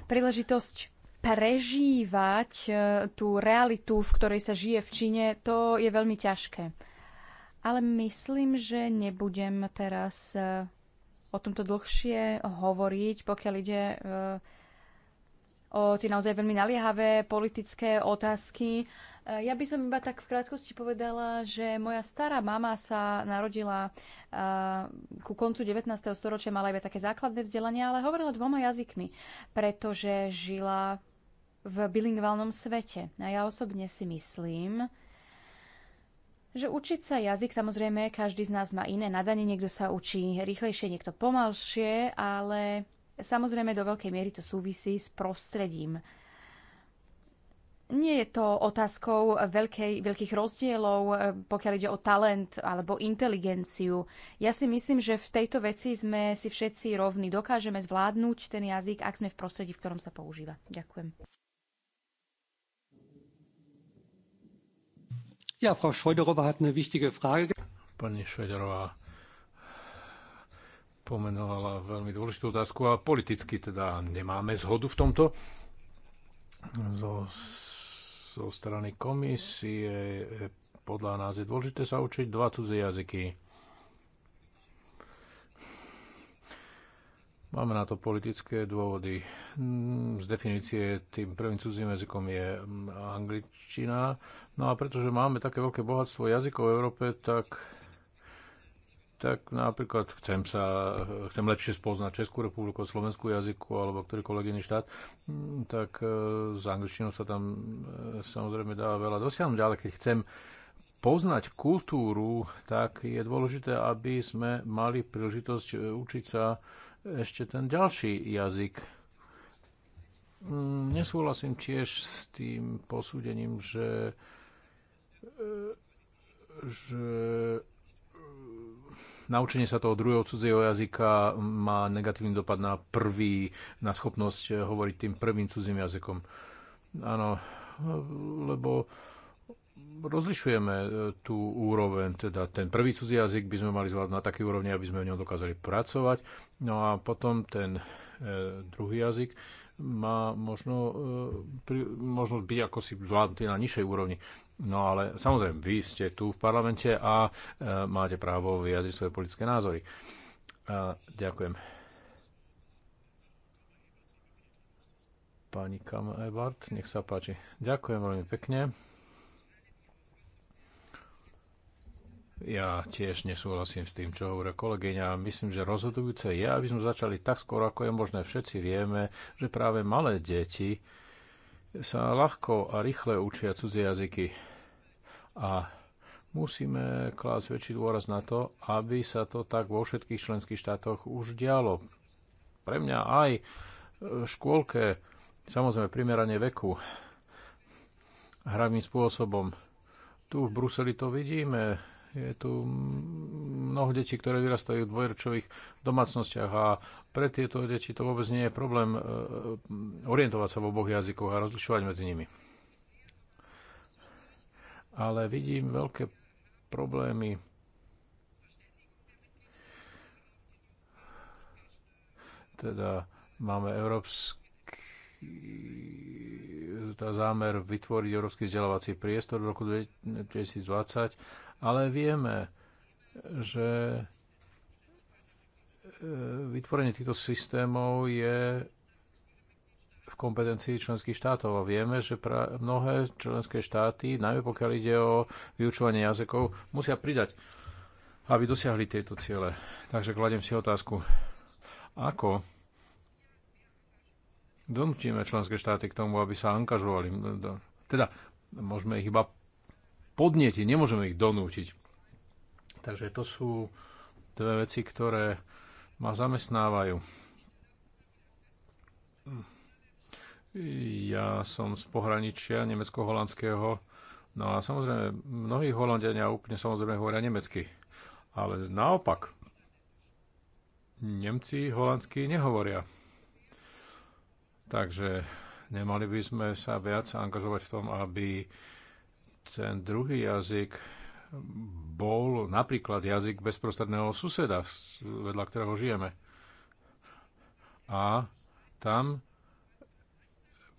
príležitosť prežívať e, tú realitu, v ktorej sa žije v Číne, to je veľmi ťažké. Ale myslím, že nebudem teraz e, o tomto dlhšie hovoriť, pokiaľ ide e, o tie naozaj veľmi naliehavé politické otázky. E, ja by som iba tak v krátkosti povedala, že moja stará mama sa narodila e, ku koncu 19. storočia, mala iba také základné vzdelanie, ale hovorila dvoma jazykmi, pretože žila v bilingválnom svete. A ja osobne si myslím, že učiť sa jazyk, samozrejme, každý z nás má iné nadanie, niekto sa učí rýchlejšie, niekto pomalšie, ale samozrejme do veľkej miery to súvisí s prostredím. Nie je to otázkou veľkej, veľkých rozdielov, eh, pokiaľ ide o talent alebo inteligenciu. Ja si myslím, že v tejto veci sme si všetci rovní. Dokážeme zvládnuť ten jazyk, ak sme v prostredí, v ktorom sa používa. Ďakujem. Ja, Frau Schröderová hat eine wichtige Frage. Pani Šojderová pomenovala veľmi dôležitú otázku a politicky teda nemáme zhodu v tomto. Zo, zo strany komisie podľa nás je dôležité sa učiť dva cudzie jazyky Máme na to politické dôvody. Mm, z definície tým prvým cudzím jazykom je mm, angličtina. No a pretože máme také veľké bohatstvo jazykov v Európe, tak, tak napríklad chcem, sa, chcem lepšie spoznať Českú republiku, slovenskú jazyku alebo ktorýkoľvek iný štát, mm, tak e, s angličtinou sa tam e, samozrejme dá veľa dosiahnuť, ale keď chcem poznať kultúru, tak je dôležité, aby sme mali príležitosť e, učiť sa ešte ten ďalší jazyk. Mm, nesúhlasím tiež s tým posúdením, že, e, že e, naučenie sa toho druhého cudzieho jazyka má negatívny dopad na prvý, na schopnosť e, hovoriť tým prvým cudzím jazykom. Áno, lebo rozlišujeme e, tú úroveň, teda ten prvý cudzí jazyk by sme mali zvládať na taký úrovni, aby sme v ňom dokázali pracovať. No a potom ten e, druhý jazyk má možno, e, možnosť byť ako si zvládnutý na nižšej úrovni. No ale samozrejme, vy ste tu v parlamente a máte právo vyjadriť svoje politické názory. A, ďakujem. Pani Kam Ebert, nech sa páči. Ďakujem veľmi pekne. Ja tiež nesúhlasím s tým, čo hovorí kolegyňa. Myslím, že rozhodujúce je, aby sme začali tak skoro, ako je možné. Všetci vieme, že práve malé deti sa ľahko a rýchle učia cudzie jazyky. A musíme klásť väčší dôraz na to, aby sa to tak vo všetkých členských štátoch už dialo. Pre mňa aj v škôlke, samozrejme primeranie veku, hravým spôsobom. Tu v Bruseli to vidíme, je tu mnoho detí, ktoré vyrastajú v dvojročových domácnostiach a pre tieto deti to vôbec nie je problém e, orientovať sa v oboch jazykoch a rozlišovať medzi nimi. Ale vidím veľké problémy teda máme európsky e, zámer vytvoriť európsky vzdelávací priestor v roku 2020 ale vieme, že e, vytvorenie týchto systémov je v kompetencii členských štátov. A vieme, že pra- mnohé členské štáty, najmä pokiaľ ide o vyučovanie jazykov, musia pridať, aby dosiahli tieto ciele. Takže kladiem si otázku, ako donútime členské štáty k tomu, aby sa angažovali. Teda môžeme ich iba podnietiť, nemôžeme ich donútiť. Takže to sú dve veci, ktoré ma zamestnávajú. Ja som z pohraničia nemecko-holandského, no a samozrejme, mnohí Holandiania úplne samozrejme hovoria nemecky. Ale naopak, Nemci holandsky nehovoria. Takže nemali by sme sa viac angažovať v tom, aby ten druhý jazyk bol napríklad jazyk bezprostredného suseda, vedľa ktorého žijeme. A tam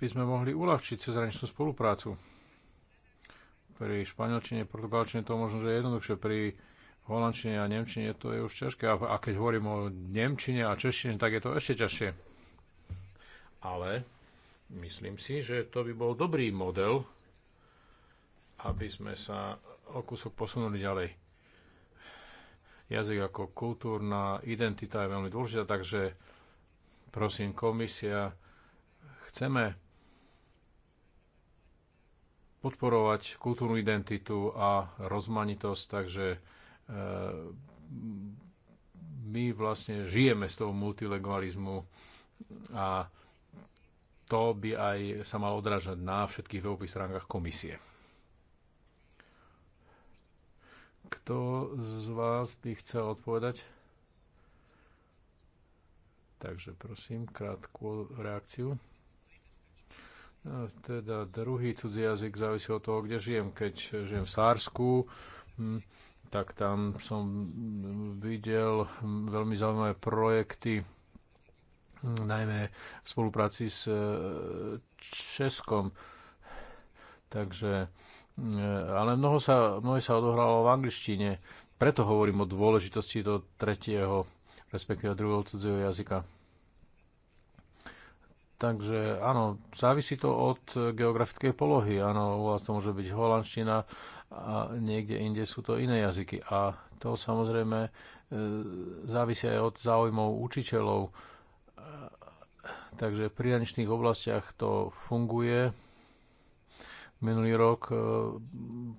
by sme mohli uľahčiť cezhraničnú spoluprácu. Pri španielčine, portugalčine to možno, že je jednoduchšie. Pri holandčine a nemčine to je už ťažké. A keď hovorím o nemčine a češtine, tak je to ešte ťažšie. Ale myslím si, že to by bol dobrý model aby sme sa o kúsok posunuli ďalej. Jazyk ako kultúrna identita je veľmi dôležitá, takže prosím komisia, chceme podporovať kultúrnu identitu a rozmanitosť, takže e, my vlastne žijeme z toho multilingualizmu a to by aj sa malo odrážať na všetkých webových stránkach komisie. Kto z vás by chcel odpovedať? Takže prosím, krátku reakciu. No, teda druhý cudzí jazyk závisí od toho, kde žijem. Keď žijem v Sársku, hm, tak tam som videl veľmi zaujímavé projekty, najmä v spolupráci s e, Českom. Takže Eh, ale mnoho sa, mnoho sa odohralo v angličtine. Preto hovorím o dôležitosti toho tretieho, respektíve druhého cudzieho jazyka. Takže áno, závisí to od geografickej polohy. Áno, u vás to môže byť holandština a niekde inde sú to iné jazyky. A to samozrejme eh, závisí aj od záujmov učiteľov. Eh, takže v prihraničných oblastiach to funguje, Minulý rok e,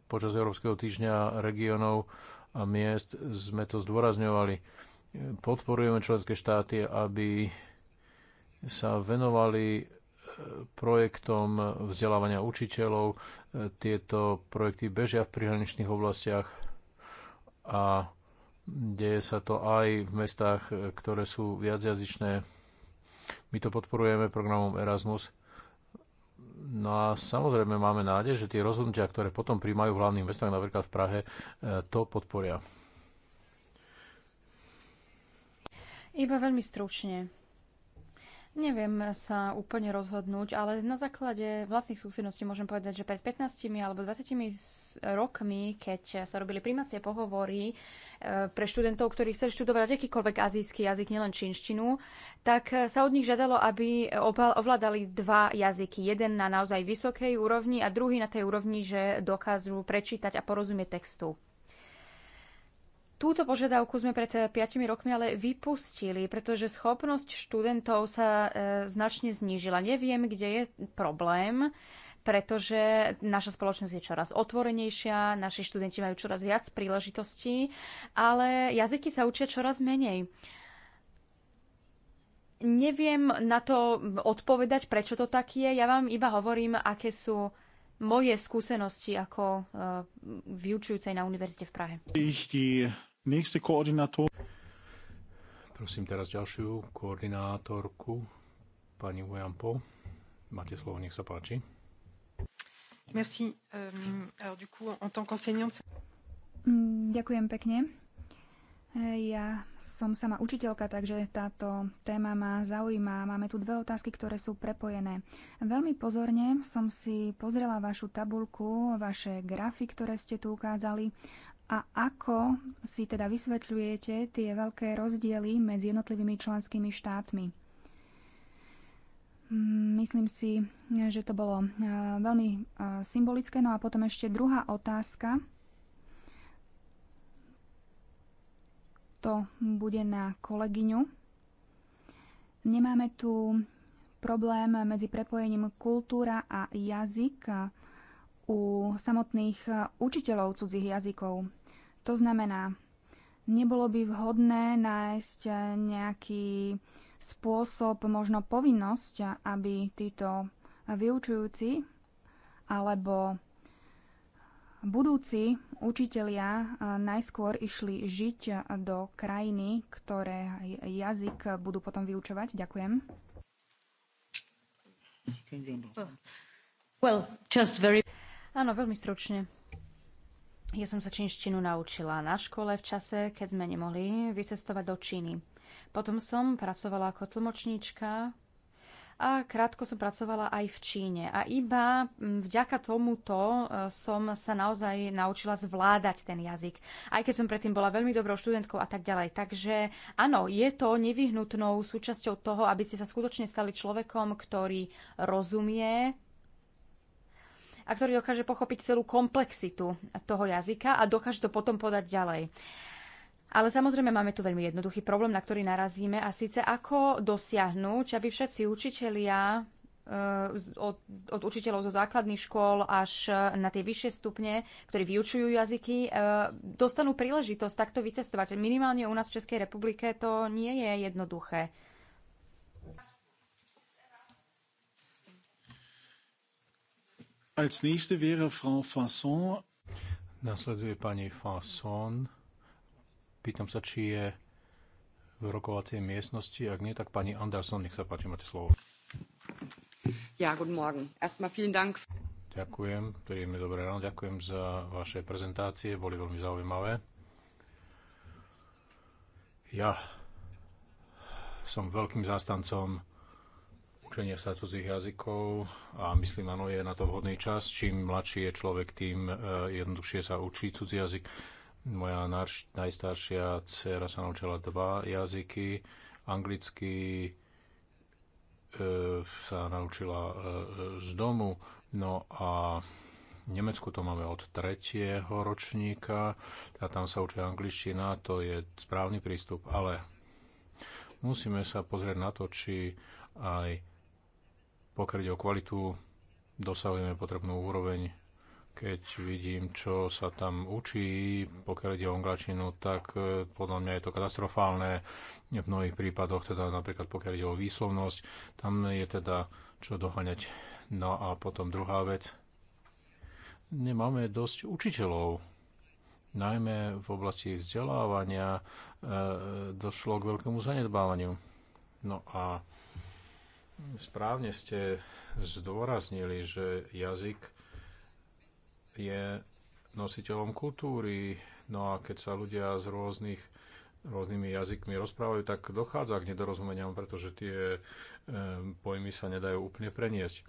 počas Európskeho týždňa regionov a miest sme to zdôrazňovali. E, podporujeme členské štáty, aby sa venovali e, projektom vzdelávania učiteľov. Tieto projekty bežia v prihraničných oblastiach a deje sa to aj v mestách, ktoré sú viacjazyčné. My to podporujeme programom Erasmus No a samozrejme máme nádej, že tie rozhodnutia, ktoré potom príjmajú hlavných mestách, napríklad v Prahe, e, to podporia. Iba veľmi stručne. Neviem sa úplne rozhodnúť, ale na základe vlastných skúseností môžem povedať, že pred 15 alebo 20 rokmi, keď sa robili primacie pohovory e, pre študentov, ktorí chceli študovať akýkoľvek azijský jazyk, nielen čínštinu, tak e, sa od nich žiadalo, aby ovládali dva jazyky. Jeden na naozaj vysokej úrovni a druhý na tej úrovni, že dokážu prečítať a porozumieť textu. Túto požiadavku sme pred 5 eh, rokmi ale vypustili, pretože schopnosť študentov sa eh, značne znížila. Neviem, kde je problém, pretože naša spoločnosť je čoraz otvorenejšia, naši študenti majú čoraz viac príležitostí, ale jazyky sa učia čoraz menej. Neviem na to odpovedať, prečo to tak je. Ja vám iba hovorím, aké sú moje skúsenosti ako uh, vyučujúcej na univerzite v Prahe. Nächste Koordinator. Prosím teraz ďalšiu koordinátorku, pani Ujampo. Máte slovo, nech sa páči. Merci. Euh, alors du coup, en tant qu'enseignante... Mm, ďakujem pekne. Ja som sama učiteľka, takže táto téma ma zaujíma. Máme tu dve otázky, ktoré sú prepojené. Veľmi pozorne som si pozrela vašu tabulku, vaše grafy, ktoré ste tu ukázali a ako si teda vysvetľujete tie veľké rozdiely medzi jednotlivými členskými štátmi? Myslím si, že to bolo eh, veľmi eh, symbolické. No a potom ešte druhá otázka. To bude na kolegyňu. Nemáme tu problém medzi prepojením kultúra a jazyk u samotných e, učiteľov cudzích jazykov. To znamená, nebolo by vhodné nájsť e, nejaký spôsob, možno povinnosť, e, aby títo vyučujúci alebo budúci učitelia najskôr išli žiť do krajiny, ktoré jazyk budú potom vyučovať? Ďakujem. Well, just very... Áno, veľmi stručne. Ja som sa čínštinu naučila na škole v čase, keď sme nemohli vycestovať do Číny. Potom som pracovala ako tlmočníčka a krátko som pracovala aj v Číne. A iba mm, vďaka tomuto e, som sa naozaj naučila zvládať ten jazyk. Aj keď som predtým bola veľmi dobrou študentkou a tak ďalej. Takže áno, je to nevyhnutnou súčasťou toho, aby ste sa skutočne stali človekom, ktorý rozumie a ktorý dokáže pochopiť celú komplexitu toho jazyka a dokáže to potom podať ďalej. Ale samozrejme máme tu veľmi jednoduchý problém, na ktorý narazíme a síce ako dosiahnuť, aby všetci učitelia eh, od, od učiteľov zo základných škôl až eh, na tie vyššie stupne, ktorí vyučujú jazyky, eh, dostanú príležitosť takto vycestovať. Minimálne u nás v Českej republike to nie je jednoduché. Als nächste wäre Frau Fasson. Nasleduje pani Fasson. Pýtam sa, či je v rokovacej miestnosti. Ak nie, tak pani Anderson, nech sa páči, máte slovo. Ja, guten Morgen. Erstmal vielen Dank. Ďakujem, príjemne dobré ráno, ďakujem za vaše prezentácie, boli veľmi zaujímavé. Ja som veľkým zástancom učenie sa cudzích jazykov a myslím, áno, je na to vhodný čas. Čím mladší je človek, tým e, jednoduchšie sa učí cudzí jazyk. Moja najstaršia dcera sa naučila dva jazyky. Anglicky e, sa naučila e, z domu. No a v Nemecku to máme od tretieho ročníka a tam sa učí angličtina, to je správny prístup, ale musíme sa pozrieť na to, či aj pokiaľ ide o kvalitu, dosahujeme potrebnú úroveň. Keď vidím, čo sa tam učí, pokiaľ ide o anglačinu, tak e, podľa mňa je to katastrofálne. V mnohých prípadoch, teda napríklad pokiaľ ide o výslovnosť, tam je teda čo doháňať. No a potom druhá vec. Nemáme dosť učiteľov. Najmä v oblasti vzdelávania e, e došlo k veľkému zanedbávaniu. No a Správne ste zdôraznili, že jazyk je nositeľom kultúry, no a keď sa ľudia z rôznych rôznymi jazykmi rozprávajú, tak dochádza k nedorozumeniam, pretože tie e, pojmy sa nedajú úplne preniesť.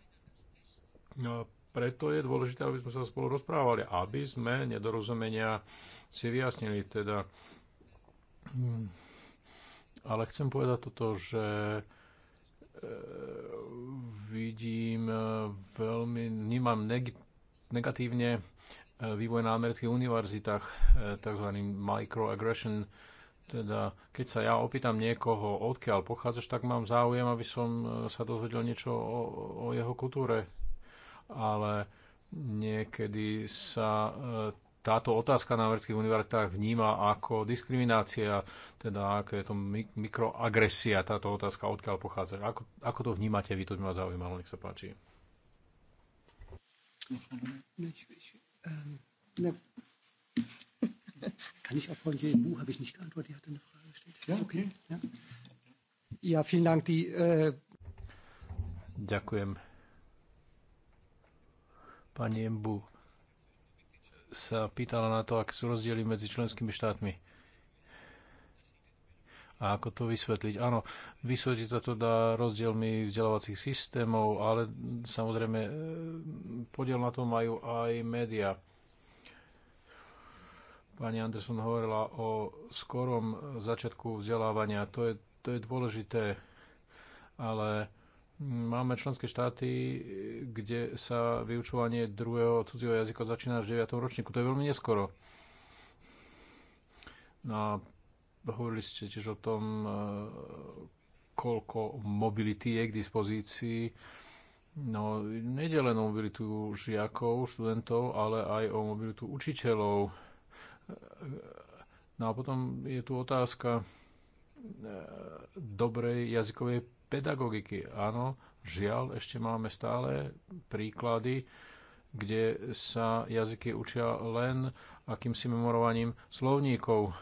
No preto je dôležité, aby sme sa spolu rozprávali, aby sme nedorozumenia si vyjasnili. Teda, hm, ale chcem povedať toto, že E, vidím e, veľmi, vnímam negatívne e, vývoj na amerických univerzitách, tzv. microaggression. Teda, keď sa ja opýtam niekoho, odkiaľ pochádzaš, tak mám záujem, aby som sa dozvedel niečo o, o jeho kultúre. Ale niekedy sa táto otázka na amerických univerzitách vníma ako diskriminácia, teda ako je to mikroagresia, táto otázka odkiaľ pochádza. Ako, ako to vnímate vy, to by ma zaujímalo, nech sa páči. Kann ich aufbauen? Hier im Bu habe ich nicht geantwortet. Die hat eine Frage gestellt. Ja, okay. Ja, ja vielen Dank. Die, äh... Ďakujem. Pani Mbu sa pýtala na to, aké sú rozdiely medzi členskými štátmi. A ako to vysvetliť? Áno, vysvetliť sa to dá rozdielmi vzdelávacích systémov, ale samozrejme e, podiel na to majú aj médiá. Pani Anderson hovorila o skorom začiatku vzdelávania. To je, to je dôležité, ale Máme členské štáty, kde sa vyučovanie druhého cudzieho jazyka začína až v 9. ročníku. To je veľmi neskoro. No A hovorili ste tiež o tom, e, koľko mobility je k dispozícii. No, nejde len o mobilitu žiakov, študentov, ale aj o mobilitu učiteľov. No a potom je tu otázka e, dobrej jazykovej pedagogiky. Áno, žiaľ, ešte máme stále príklady, kde sa jazyky učia len akýmsi memorovaním slovníkov.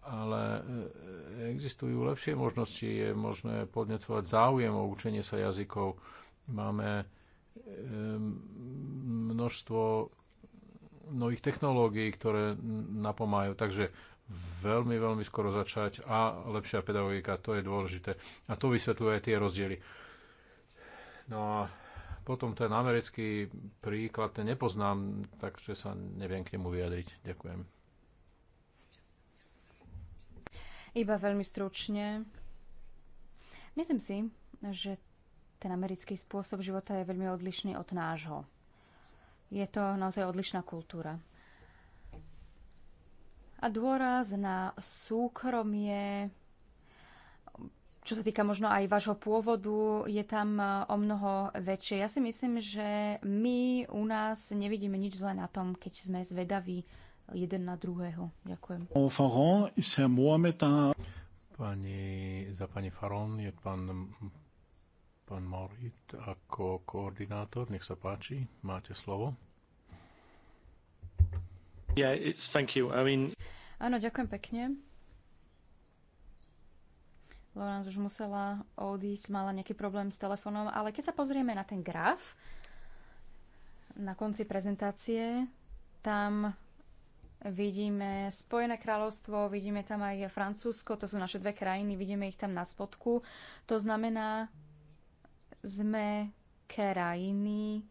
Ale e, existujú lepšie možnosti. Je možné podnecovať záujem o učenie sa jazykov. Máme e, množstvo nových technológií, ktoré napomáhajú. Takže veľmi, veľmi skoro začať a lepšia pedagogika, to je dôležité. A to vysvetľuje aj tie rozdiely. No a potom ten americký príklad, ten nepoznám, takže sa neviem k nemu vyjadriť. Ďakujem. Iba veľmi stručne. Myslím si, že ten americký spôsob života je veľmi odlišný od nášho. Je to naozaj odlišná kultúra a dôraz na súkromie, čo sa týka možno aj vášho pôvodu, je tam e, o mnoho väčšie. Ja si myslím, že my u nás nevidíme nič zle na tom, keď sme zvedaví jeden na druhého. Ďakujem. Pani, za pani Faron je pán, pán Morit ako koordinátor. Nech sa páči, máte slovo. Yeah, it's, thank you. I mean... Áno, ďakujem pekne. Lorenz už musela odísť, mala nejaký problém s telefónom, ale keď sa pozrieme na ten graf na konci prezentácie, tam vidíme Spojené kráľovstvo, vidíme tam aj Francúzsko, to sú naše dve krajiny, vidíme ich tam na spodku. To znamená, sme krajiny,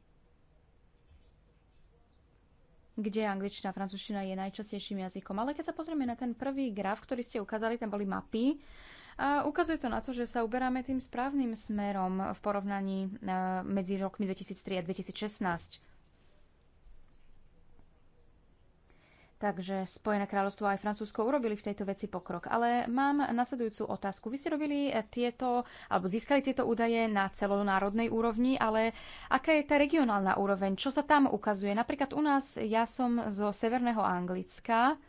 kde angličtina a francúzština je najčastejším jazykom. Ale keď sa pozrieme na ten prvý graf, ktorý ste ukázali, tam boli mapy, a ukazuje to na to, že sa uberáme tým správnym smerom v porovnaní medzi rokmi 2003 a 2016. Takže Spojené kráľovstvo aj Francúzsko urobili v tejto veci pokrok. Ale mám nasledujúcu otázku. Vy ste robili eh, tieto, alebo získali tieto údaje na celonárodnej úrovni, ale aká je tá regionálna úroveň? Čo sa tam ukazuje? Napríklad u nás, ja som zo Severného Anglicka,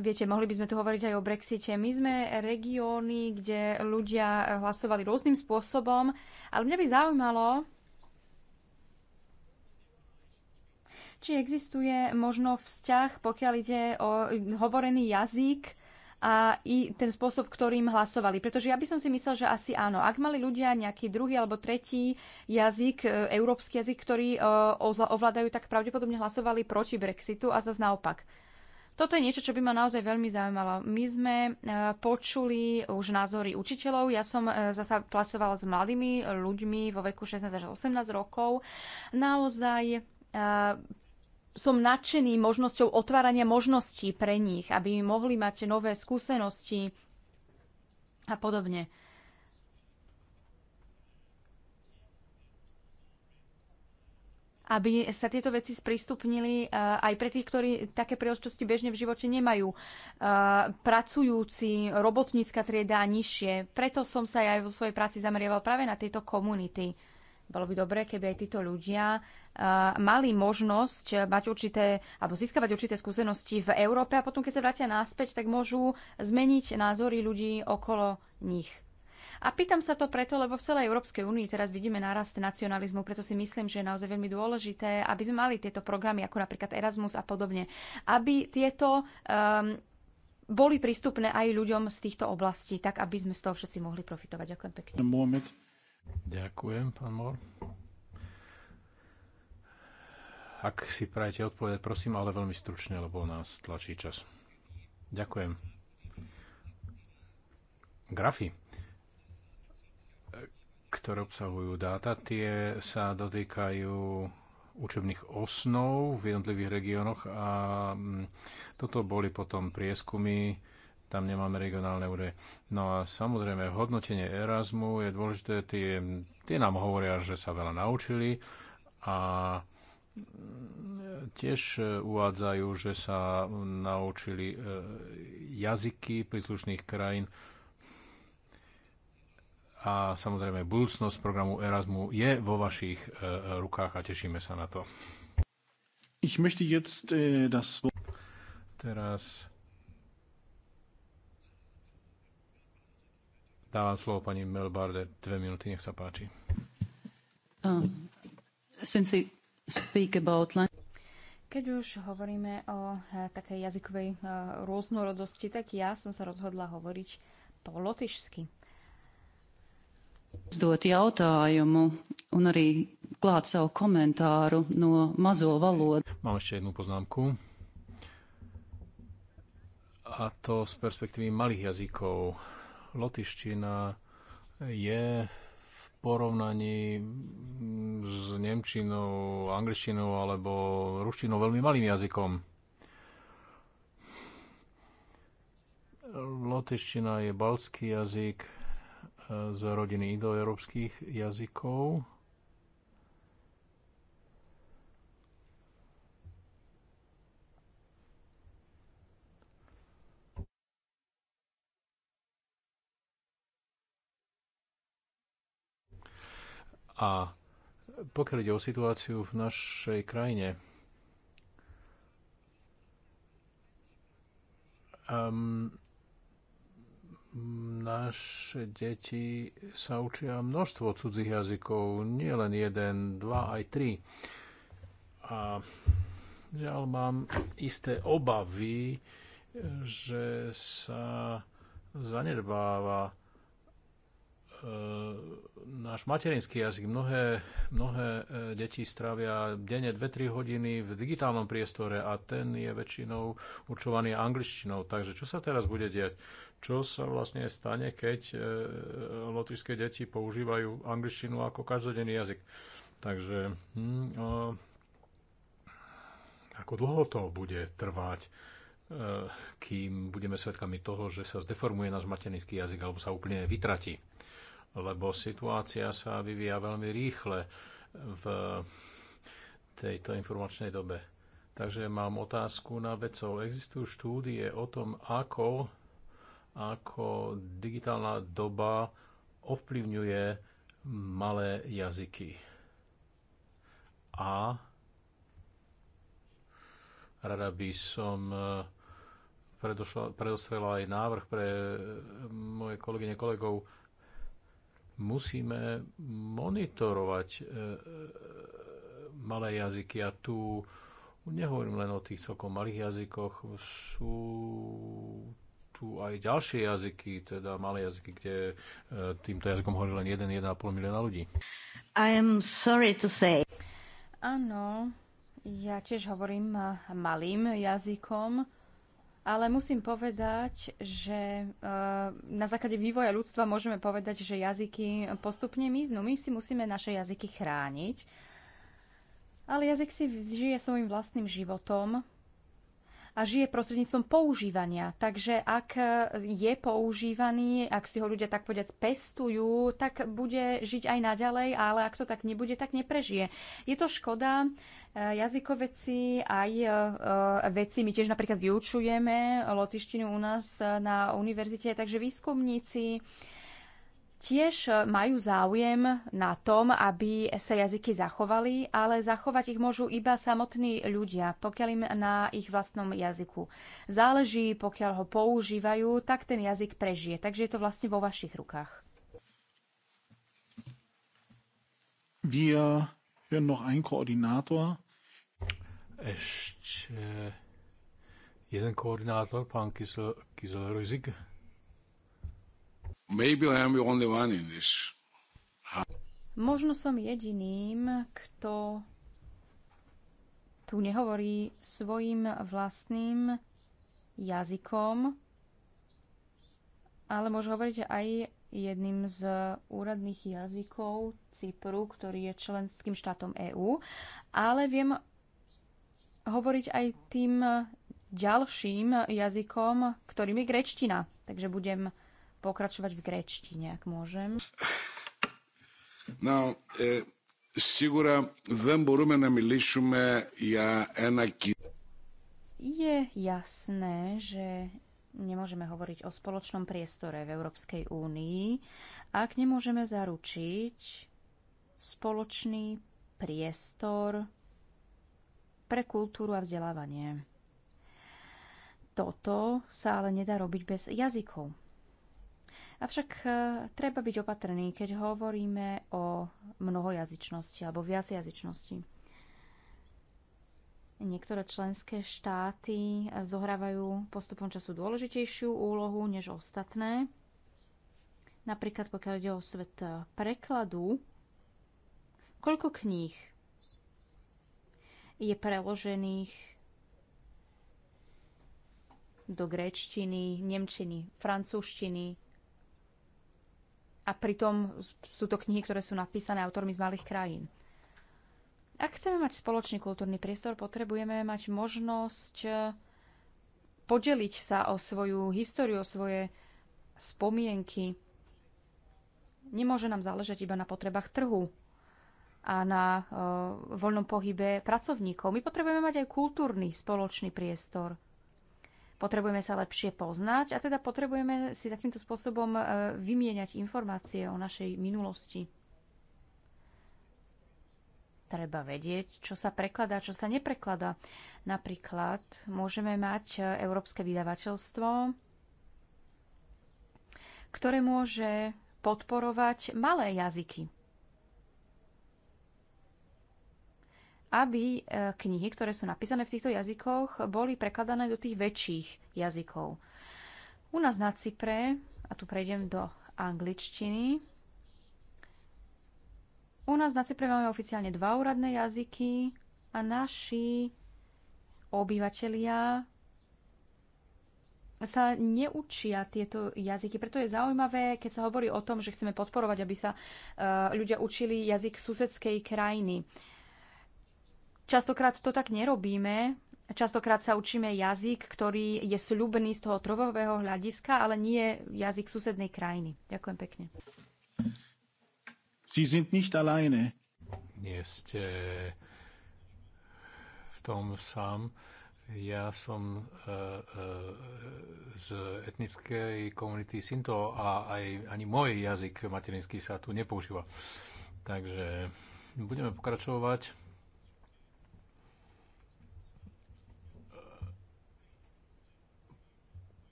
Viete, mohli by sme tu hovoriť aj o Brexite. My sme regióny, kde ľudia hlasovali rôznym spôsobom, ale mňa by zaujímalo, či existuje možno vzťah, pokiaľ ide o hovorený jazyk a i ten spôsob, ktorým hlasovali. Pretože ja by som si myslel, že asi áno. Ak mali ľudia nejaký druhý alebo tretí jazyk, e, európsky jazyk, ktorý e, ovládajú, tak pravdepodobne hlasovali proti Brexitu a zase naopak. Toto je niečo, čo by ma naozaj veľmi zaujímalo. My sme e, počuli už názory učiteľov. Ja som zasa plasovala s mladými ľuďmi vo veku 16 až 18 rokov. Naozaj som nadšený možnosťou otvárania možností pre nich, aby mohli mať nové skúsenosti a podobne. aby sa tieto veci sprístupnili eh, aj pre tých, ktorí také príležitosti bežne v živote nemajú. Eh, pracujúci, robotnícka trieda a nižšie. Preto som sa aj vo svojej práci zameriaval práve na tieto komunity. Bolo by dobré, keby aj títo ľudia eh, mali možnosť mať určité, alebo získavať určité skúsenosti v Európe a potom, keď sa vrátia naspäť, tak môžu zmeniť názory ľudí okolo nich. A pýtam sa to preto, lebo v celej Európskej únii teraz vidíme nárast nacionalizmu, preto si myslím, že je naozaj veľmi dôležité, aby sme mali tieto programy, ako napríklad Erasmus a podobne, aby tieto um, boli prístupné aj ľuďom z týchto oblastí, tak aby sme z toho všetci mohli profitovať. Ďakujem pekne. Ďakujem, pán Mor. Ak si prajete odpovedať, prosím, ale veľmi stručne, lebo nás tlačí čas. Ďakujem. Grafy, ktoré obsahujú dáta, tie sa dotýkajú učebných osnov v jednotlivých regiónoch a mm, toto boli potom prieskumy tam nemáme regionálne údaje. No a samozrejme, hodnotenie Erasmu je dôležité, tie, tie nám hovoria, že sa veľa naučili a tiež uvádzajú, že sa naučili e, jazyky príslušných krajín a samozrejme budúcnosť programu Erasmu je vo vašich e, rukách a tešíme sa na to. Ich möchte jetzt äh, das Teraz Dávam slovo pani Melbarde, dve minúty, nech sa páči. Um, since speak about Keď už hovoríme o eh, takej jazykovej eh, rôznorodosti, tak ja som sa rozhodla hovoriť po lotyšsky. Uzdot jautājumu un arī klāt savu komentāru no mazo valodu. Mám ešte jednu poznámku. A to z perspektívy malých jazykov lotiština je v porovnaní s nemčinou, angličtinou alebo ruštinou veľmi malým jazykom. Lotiština je balský jazyk eh, z rodiny indoeurópskych jazykov A pokiaľ ide o situáciu v našej krajine, um, naše deti sa učia množstvo cudzích jazykov, nie len jeden, dva, aj tri. A žiaľ mám isté obavy, že sa zanedbáva E, náš materinský jazyk. Mnohé, mnohé e, deti strávia denne 2-3 hodiny v digitálnom priestore a ten je väčšinou určovaný angličtinou. Takže čo sa teraz bude diať? Čo sa vlastne stane, keď e, lotišské deti používajú angličtinu ako každodenný jazyk? Takže hm, ako dlho to bude trvať? kým budeme svedkami toho, že sa zdeformuje náš materinský jazyk alebo sa úplne vytratí lebo situácia sa vyvíja veľmi rýchle v tejto informačnej dobe. Takže mám otázku na vedcov. Existujú štúdie o tom, ako, ako digitálna doba ovplyvňuje malé jazyky. A rada by som eh, predostrela aj návrh pre moje kolegyne kolegov, musíme monitorovať e, e, malé jazyky a tu nehovorím len o tých celkom malých jazykoch, sú tu aj ďalšie jazyky, teda malé jazyky, kde e, týmto jazykom hovorí len 1,5 milióna ľudí. I am sorry to say. Áno, ja tiež hovorím malým jazykom ale musím povedať, že eh, na základe vývoja ľudstva môžeme povedať, že jazyky postupne miznú. My si musíme naše jazyky chrániť, ale jazyk si žije svojim vlastným životom a žije prostredníctvom používania. Takže ak je používaný, ak si ho ľudia tak povedať pestujú, tak bude žiť aj naďalej, ale ak to tak nebude, tak neprežije. Je to škoda, jazykoveci, aj e, e, veci. My tiež napríklad vyučujeme lotištinu u nás na univerzite, takže výskumníci tiež majú záujem na tom, aby sa jazyky zachovali, ale zachovať ich môžu iba samotní ľudia, pokiaľ im na ich vlastnom jazyku záleží, pokiaľ ho používajú, tak ten jazyk prežije. Takže je to vlastne vo vašich rukách. Wir ja noch einen Koordinator. Ešte jeden koordinátor, pán Kisel, Kisel Rizik. Maybe I am the only one in this. Možno som jediným, kto tu nehovorí svojim vlastným jazykom, ale môže hovoriť aj jedným z eh, úradných jazykov Cypru, ktorý je členským štátom EÚ, ale viem hovoriť aj tým eh, ďalším jazykom, ktorým je grečtina. Takže budem pokračovať v grečtine, ak môžem. No, e, sigura δεν μπορούμε να μιλήσουμε Je jasné, že nemôžeme hovoriť o spoločnom priestore v Európskej únii, ak nemôžeme zaručiť spoločný priestor pre kultúru a vzdelávanie. Toto sa ale nedá robiť bez jazykov. Avšak e, treba byť opatrný, keď hovoríme o mnohojazyčnosti alebo viacjazyčnosti. Niektoré členské štáty eh, zohrávajú postupom času dôležitejšiu úlohu než ostatné. Napríklad pokiaľ ide o svet eh, prekladu, koľko kníh je preložených do gréčtiny, nemčiny, francúzštiny. A pritom sú to knihy, ktoré sú napísané autormi z malých krajín. Ak chceme mať spoločný kultúrny priestor, potrebujeme mať možnosť eh, podeliť sa o svoju históriu, o svoje spomienky. Nemôže nám záležať iba na potrebách trhu a na e, voľnom pohybe pracovníkov. My potrebujeme mať aj kultúrny spoločný priestor. Potrebujeme sa lepšie poznať a teda potrebujeme si takýmto spôsobom e, vymieňať informácie o našej minulosti treba vedieť, čo sa prekladá, čo sa neprekladá. Napríklad môžeme mať európske vydavateľstvo, ktoré môže podporovať malé jazyky. aby e, knihy, ktoré sú napísané v týchto jazykoch, boli prekladané do tých väčších jazykov. U nás na Cypre, a tu prejdem do angličtiny, u nás na Cypre máme oficiálne dva úradné jazyky a naši obyvateľia sa neučia tieto jazyky. Preto je zaujímavé, keď sa hovorí o tom, že chceme podporovať, aby sa e, ľudia učili jazyk susedskej krajiny. Častokrát to tak nerobíme. Častokrát sa učíme jazyk, ktorý je sľubný z toho trvového hľadiska, ale nie jazyk susednej krajiny. Ďakujem pekne. Sie sind nicht alleine. Nie ste v tom sám. Ja som e, e, z etnickej komunity Sinto a aj ani môj jazyk materinský sa tu nepoužíva. Takže budeme pokračovať.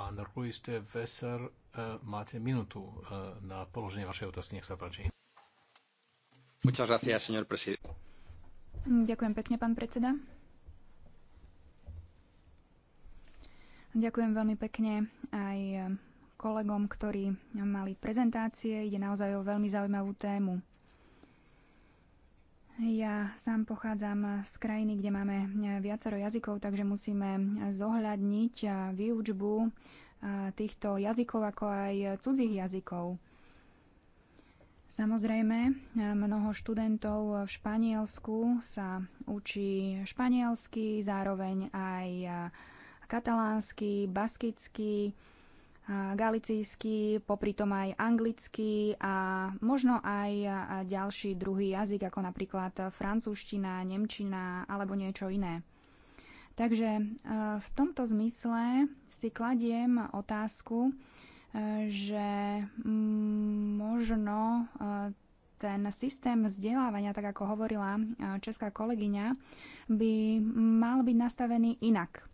Pán Ruiz de Veser, e, máte minútu e, na položenie vašej otázky. Nech sa páči. Gracias, Ďakujem pekne, pán predseda. Ďakujem veľmi pekne aj kolegom, ktorí mali prezentácie. Ide naozaj o veľmi zaujímavú tému. Ja sám pochádzam z krajiny, kde máme e, viacero jazykov, takže musíme e, zohľadniť e, výučbu týchto jazykov, ako aj cudzích jazykov. Samozrejme, mnoho študentov v Španielsku sa učí španielsky, zároveň aj katalánsky, baskický, galicijský, popri tom aj anglický a možno aj ďalší druhý jazyk, ako napríklad francúzština, nemčina alebo niečo iné. Takže e, v tomto zmysle si kladiem otázku, e, že možno e, ten systém vzdelávania, tak ako hovorila česká kolegyňa, by mal byť nastavený inak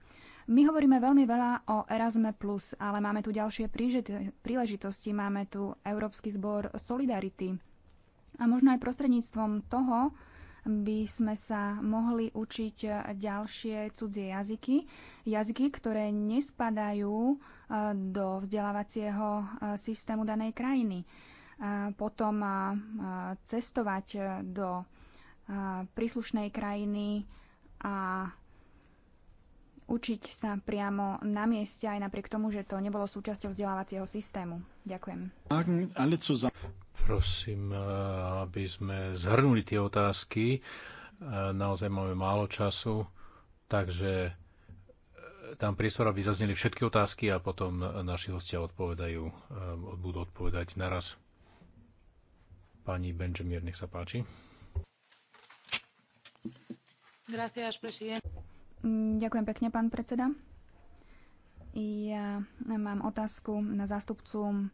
my hovoríme veľmi veľa o Erasme+, ale máme tu ďalšie príležitosti, máme tu Európsky zbor Solidarity. A možno aj prostredníctvom toho by sme sa mohli učiť ďalšie cudzie jazyky, jazyky, ktoré nespadajú e, do vzdelávacieho e, systému danej krajiny. E, potom cestovať do príslušnej krajiny a učiť sa priamo na mieste, aj napriek tomu, že to nebolo súčasťou vzdelávacieho systému. Ďakujem. Prosím, eh, aby sme zhrnuli tie otázky. Eh, naozaj máme málo času, takže tam eh, priestor, aby zazneli všetky otázky a potom naši hostia odpovedajú, budú odpovedať naraz. Pani Benjamin, nech sa páči. Gracias, presidente. Mm, ďakujem pekne, pán predseda. Ja mám otázku na zástupcu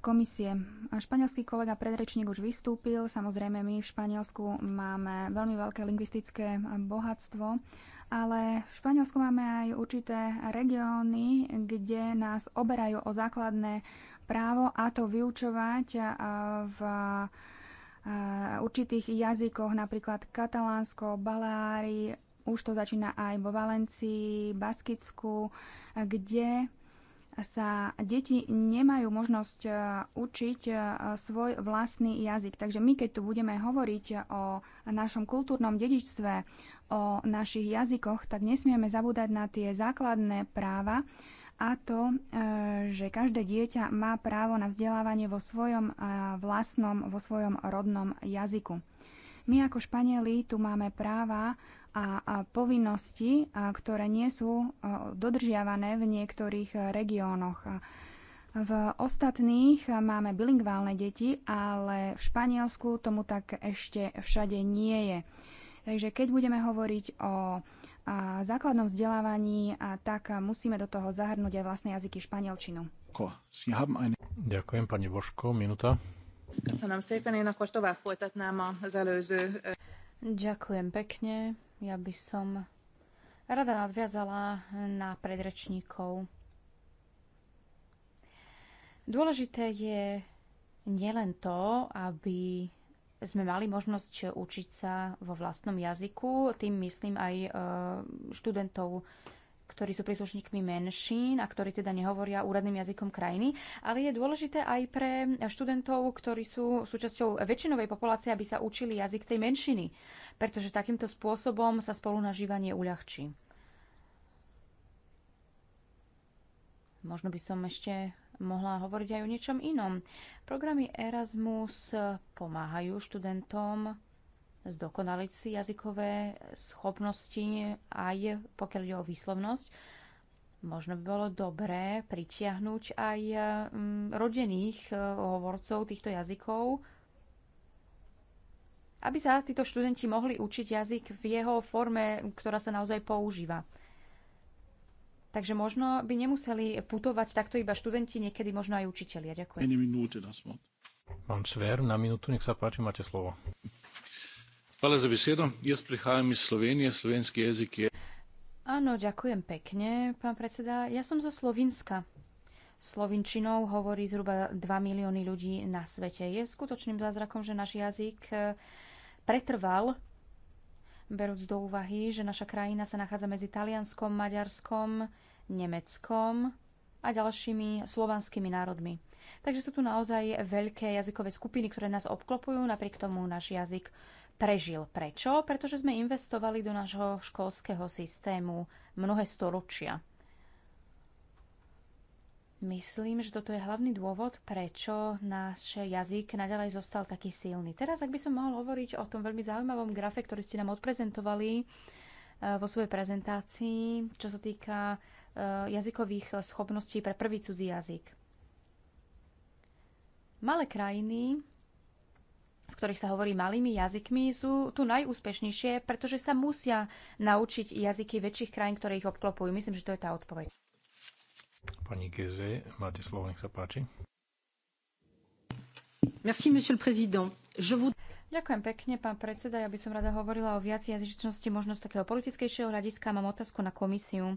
komisie. Španielský kolega predrečník už vystúpil. Samozrejme, my v Španielsku máme veľmi veľké lingvistické bohatstvo, ale v Španielsku máme aj určité regióny, kde nás oberajú o základné právo a to vyučovať v určitých jazykoch, napríklad katalánsko, baleári, už to začína aj vo Valencii, Baskicku, kde sa deti nemajú možnosť e, učiť e, svoj vlastný jazyk. Takže my, keď tu budeme hovoriť o našom kultúrnom dedičstve, o našich jazykoch, tak nesmieme zabúdať na tie základné práva a to, e, že každé dieťa má právo na vzdelávanie vo svojom vlastnom, vo svojom rodnom jazyku. My ako Španieli tu máme práva a, a povinnosti, a, ktoré nie sú a, dodržiavané v niektorých e, regiónoch. V ostatných e, máme bilingválne deti, ale v Španielsku tomu tak ešte všade nie je. Takže keď budeme hovoriť o základnom vzdelávaní, tak musíme do toho zahrnúť aj vlastné jazyky španielčinu. Ďakujem, pani Božko. Minúta. Ďakujem pekne. Ja by som rada nadviazala na predrečníkov. Dôležité je nielen to, aby sme mali možnosť učiť sa vo vlastnom jazyku, tým myslím aj e, študentov ktorí sú príslušníkmi menšín a ktorí teda nehovoria úradným jazykom krajiny, ale je dôležité aj pre študentov, ktorí sú súčasťou väčšinovej populácie, aby sa učili jazyk tej menšiny, pretože takýmto spôsobom sa spolunažívanie uľahčí. Možno by som ešte mohla hovoriť aj o niečom inom. Programy Erasmus pomáhajú študentom zdokonaliť si jazykové schopnosti aj pokiaľ ide o výslovnosť. Možno by bolo dobré pritiahnuť aj mm, rodených e, hovorcov týchto jazykov, aby sa títo študenti mohli učiť jazyk v jeho forme, ktorá sa naozaj používa. Takže možno by nemuseli putovať takto iba študenti, niekedy možno aj učitelia. Ďakujem. Mám čver na minútu, nech sa páči, máte slovo. Hvala za besedo. Jaz Slovenije, je... Áno, ďakujem pekne, pán predseda. Ja som zo Slovinska. Slovinčinou hovorí zhruba 2 milióny ľudí na svete. Je skutočným zázrakom, že náš jazyk e, pretrval, berúc do úvahy, že naša krajina sa nachádza medzi Talianskom, Maďarskom, Nemeckom a ďalšími slovanskými národmi. Takže sú tu naozaj veľké jazykové skupiny, ktoré nás obklopujú, napriek tomu náš jazyk prežil. Prečo? Pretože sme investovali do nášho školského systému mnohé storočia. Myslím, že toto je hlavný dôvod, prečo náš jazyk naďalej zostal taký silný. Teraz, ak by som mohol hovoriť o tom veľmi zaujímavom grafe, ktorý ste nám odprezentovali eh, vo svojej prezentácii, čo sa týka eh, jazykových eh, schopností pre prvý cudzí jazyk. Malé krajiny, v ktorých sa hovorí malými jazykmi, sú tu najúspešnejšie, pretože sa musia naučiť jazyky väčších krajín, ktoré ich obklopujú. Myslím, že to je tá odpoveď. Pani Geze, máte slovo, nech sa páči. Merci, monsieur le président. Je vous... Ďakujem pekne, pán predseda. Ja by som rada hovorila o viac jazyčnosti, možnosť takého politickejšieho hľadiska. Mám otázku na komisiu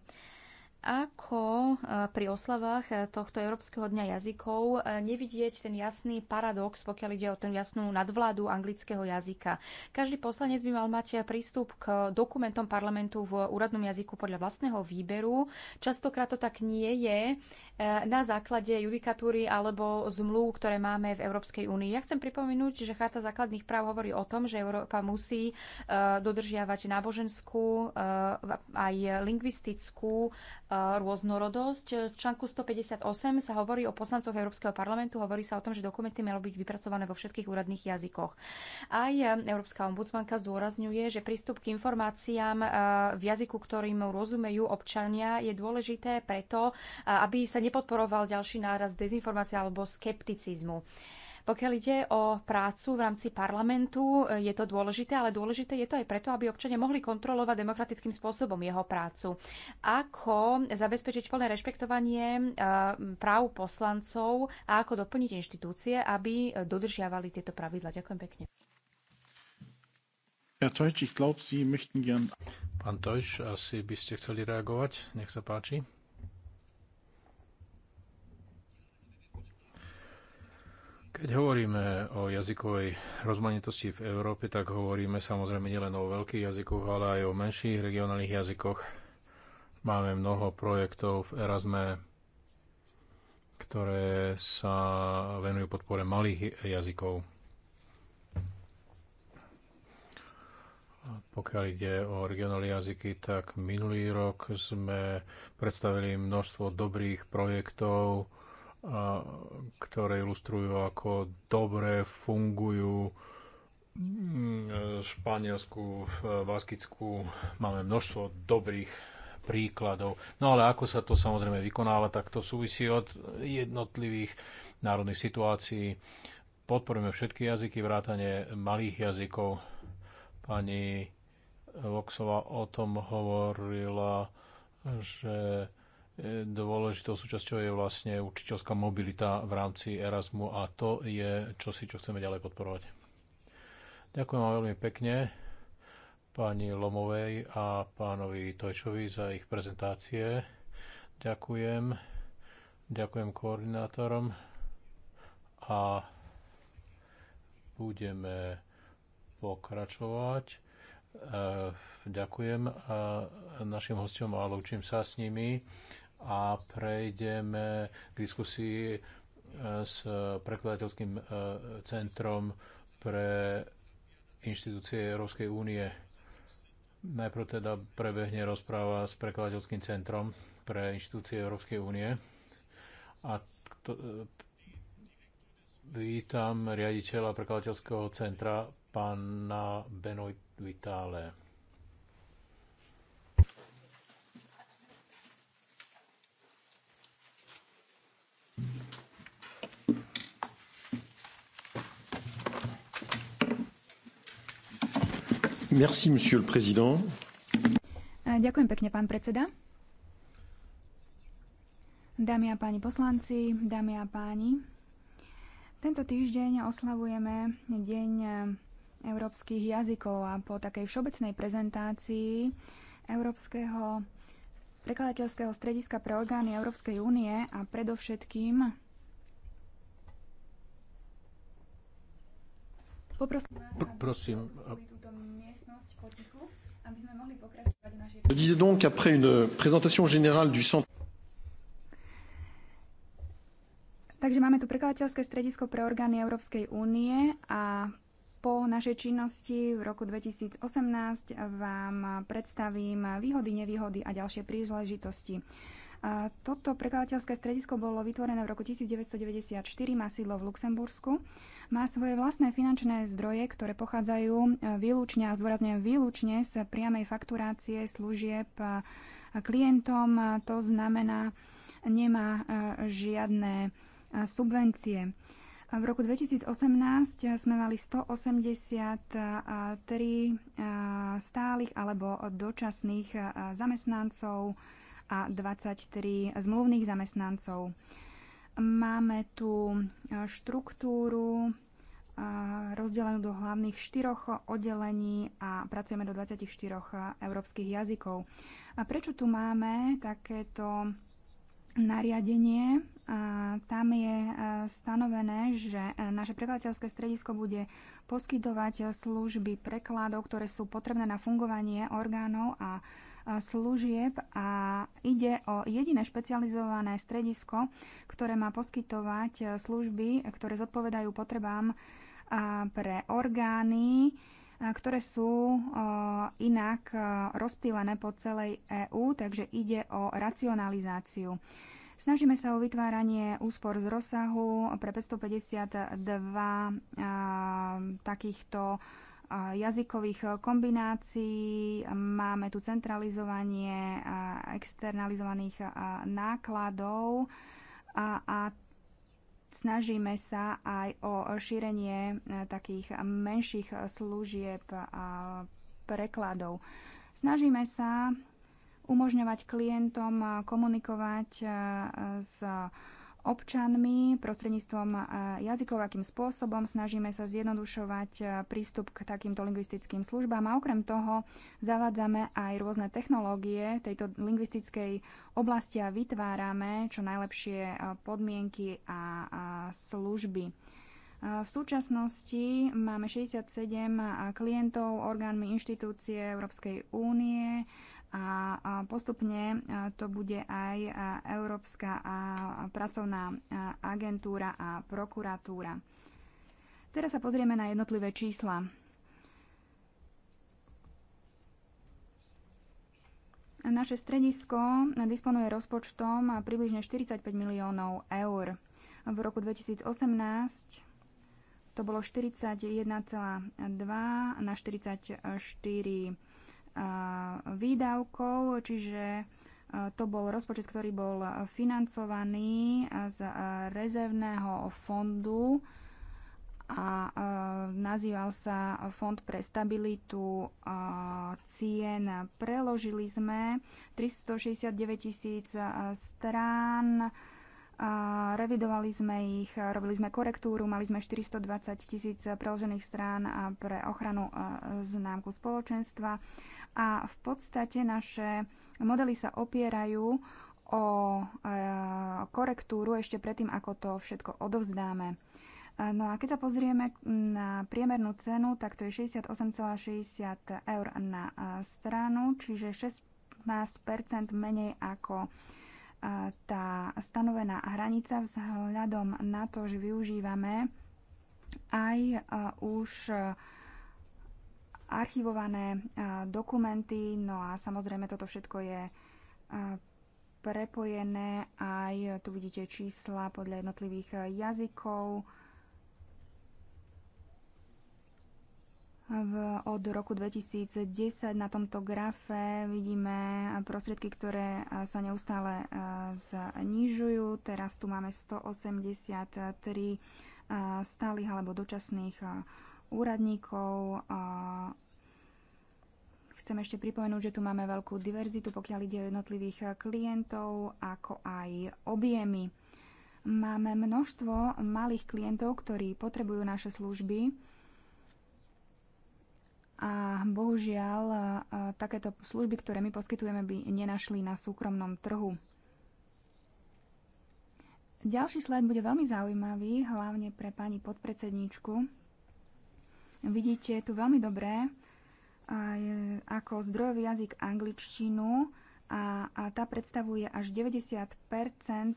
ako e, pri oslavách e, tohto Európskeho dňa jazykov e, nevidieť ten jasný paradox, pokiaľ ide o ten jasnú nadvládu anglického jazyka. Každý poslanec by mal mať prístup k dokumentom parlamentu v úradnom jazyku podľa vlastného výberu. Častokrát to tak nie je na základe judikatúry alebo zmluv, ktoré máme v Európskej únii. Ja chcem pripomenúť, že Charta základných práv hovorí o tom, že Európa musí dodržiavať náboženskú aj lingvistickú rôznorodosť. V článku 158 sa hovorí o poslancoch Európskeho parlamentu, hovorí sa o tom, že dokumenty malo byť vypracované vo všetkých úradných jazykoch. Aj e, Európska ombudsmanka zdôrazňuje, že prístup k informáciám e, v jazyku, ktorým rozumejú občania, je dôležité preto, aby sa nepodporoval ďalší náraz dezinformácie alebo skepticizmu. Pokiaľ ide o prácu v rámci parlamentu, je to dôležité, ale dôležité je to aj preto, aby občania mohli kontrolovať demokratickým spôsobom jeho prácu. Ako zabezpečiť plné rešpektovanie e, práv poslancov a ako doplniť inštitúcie, aby dodržiavali tieto pravidla. Ďakujem pekne. Herr Teutsch, ich glaube, Sie möchten gern... Pán Teutsch, asi by ste chceli reagovať. Nech sa páči. Keď hovoríme o jazykovej rozmanitosti v Európe, tak hovoríme samozrejme nielen o veľkých jazykoch, ale aj o menších regionálnych jazykoch. Máme mnoho projektov v Erasme, ktoré sa venujú podpore malých jazykov. Pokiaľ ide o regionálne jazyky, tak minulý rok sme predstavili množstvo dobrých projektov, ktoré ilustrujú, ako dobre fungujú mm, e, Španielsku, Baskickú. Máme množstvo dobrých príkladov. No ale ako sa to samozrejme vykonáva, tak to súvisí od jednotlivých národných situácií. Podporujeme všetky jazyky, vrátane malých jazykov. Pani Voxová o tom hovorila, že Dôležitou súčasťou je vlastne učiteľská mobilita v rámci Erasmu a to je čosi, čo chceme ďalej podporovať. Ďakujem vám veľmi pekne pani Lomovej a pánovi Tojčovi za ich prezentácie. Ďakujem. Ďakujem koordinátorom a budeme pokračovať. E, ďakujem e, našim hostom a lúčim sa s nimi a prejdeme k diskusii e, s prekladateľským e, centrom pre inštitúcie Európskej únie. Najprv teda prebehne rozpráva s prekladateľským centrom pre inštitúcie Európskej únie. A to, e, vítam riaditeľa prekladateľského centra pána Benoit Vitale. Merci, monsieur le président. Ďakujem pekne, pán predseda. Dámy a páni poslanci, dámy a páni, tento týždeň oslavujeme Deň e, európskych jazykov a po takej všeobecnej prezentácii Európskeho prekladateľského strediska pre orgány Európskej únie a predovšetkým Poprosím vás, aby túto je disais donc, après une présentation générale du centre... Takže máme tu prekladateľské stredisko pre orgány Európskej únie a po našej činnosti v roku 2018 vám predstavím výhody, nevýhody a ďalšie príležitosti. A toto prekladateľské stredisko bolo vytvorené v roku 1994, má sídlo v Luxembursku. Má svoje vlastné finančné zdroje, ktoré pochádzajú e, výlučne, a zdôrazňujem výlučne, z priamej fakturácie služieb e, klientom. To znamená, nemá e, žiadne subvencie. V roku 2018 sme mali 183 stálych alebo dočasných zamestnancov, a 23 zmluvných zamestnancov. Máme tu e, štruktúru e, rozdelenú do hlavných štyroch oddelení a pracujeme do 24 európskych jazykov. A prečo tu máme takéto nariadenie? Tam je e, stanovené, že naše prekladateľské stredisko bude poskytovať služby prekladov, ktoré sú potrebné na fungovanie orgánov a služieb a ide o jediné špecializované stredisko, ktoré má poskytovať e, služby, ktoré zodpovedajú potrebám e, pre orgány, e, ktoré sú inak rozptýlené po celej EÚ, takže ide o racionalizáciu. Snažíme sa o vytváranie úspor z rozsahu pre 552 takýchto jazykových eh, kombinácií, máme tu centralizovanie eh, externalizovaných eh, nákladov a, a snažíme sa aj o šírenie takých menších služieb a prekladov. Snažíme sa umožňovať klientom komunikovať s občanmi prostredníctvom e, jazykov, akým spôsobom snažíme sa zjednodušovať e, prístup k takýmto lingvistickým službám a okrem toho zavádzame aj rôzne technológie tejto lingvistickej oblasti a vytvárame čo najlepšie e, podmienky a služby. V súčasnosti máme 67 klientov orgánmi inštitúcie Európskej únie a postupne to bude aj Európska pracovná agentúra a prokuratúra. Teraz sa pozrieme na jednotlivé čísla. Naše stredisko disponuje rozpočtom približne 45 miliónov eur. V roku 2018 to bolo 41,2 na 44 výdavkov, čiže to bol rozpočet, ktorý bol financovaný z rezervného fondu a nazýval sa Fond pre stabilitu cien. Preložili sme 369 tisíc strán a revidovali sme ich, robili sme korektúru, mali sme 420 tisíc preložených strán pre ochranu známku spoločenstva a v podstate naše modely sa opierajú o korektúru ešte predtým, ako to všetko odovzdáme. No a keď sa pozrieme na priemernú cenu, tak to je 68,60 eur na stranu, čiže 16% menej ako tá stanovená hranica vzhľadom na to, že využívame aj e, už e, archivované e, dokumenty, no a samozrejme toto všetko je prepojené aj, tu vidíte čísla podľa jednotlivých jazykov, V, od roku 2010 na tomto grafe vidíme prostriedky, ktoré sa neustále znižujú. Teraz tu máme 183 stálych alebo dočasných úradníkov. Chcem ešte pripomenúť, že tu máme veľkú diverzitu, pokiaľ ide o jednotlivých klientov, ako aj objemy. Máme množstvo malých klientov, ktorí potrebujú naše služby a bohužiaľ, takéto služby, ktoré my poskytujeme, by nenašli na súkromnom trhu. Ďalší slajd bude veľmi zaujímavý, hlavne pre pani podpredsedníčku. Vidíte tu veľmi dobré, ako zdrojový jazyk angličtinu a, a tá predstavuje až 90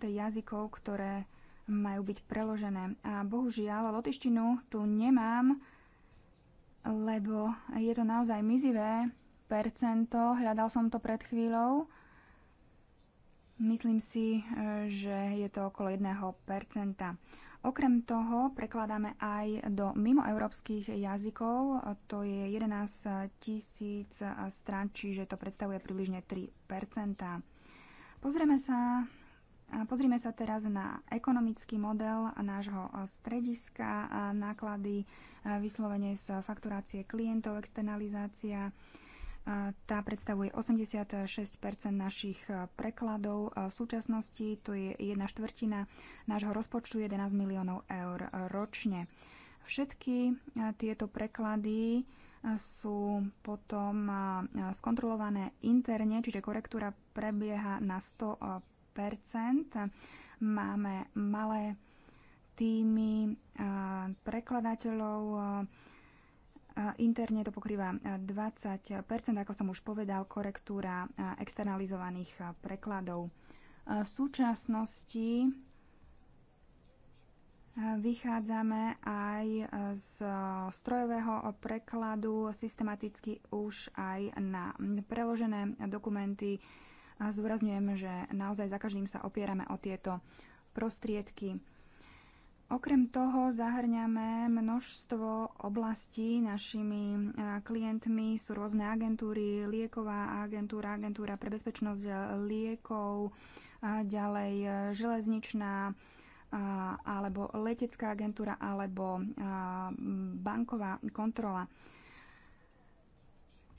jazykov, ktoré majú byť preložené. A bohužiaľ, lotištinu tu nemám, lebo je to naozaj mizivé percento. Hľadal som to pred chvíľou. Myslím si, e, že je to okolo 1 Okrem toho prekladáme aj do mimoeurópskych jazykov, to je 11 tisíc strán, čiže to predstavuje približne 3 Pozrieme sa a pozrime sa teraz na ekonomický model nášho eh, strediska, náklady eh, vyslovene z fakturácie klientov, externalizácia. Eh, tá predstavuje 86 našich prekladov. V súčasnosti to je jedna štvrtina nášho rozpočtu 11 miliónov eur ročne. Všetky tieto preklady sú potom skontrolované interne, čiže korektúra prebieha na 100 Máme malé týmy prekladateľov, Interne to pokrýva 20 ako som už povedal, korektúra externalizovaných prekladov. V súčasnosti vychádzame aj z strojového prekladu systematicky už aj na preložené dokumenty a zúrazňujem, že naozaj za každým sa opierame o tieto prostriedky. Okrem toho zahrňame množstvo oblastí našimi e, klientmi. Sú rôzne agentúry, lieková agentúra, agentúra pre bezpečnosť liekov, e, ďalej e, železničná alebo letecká agentúra alebo banková kontrola.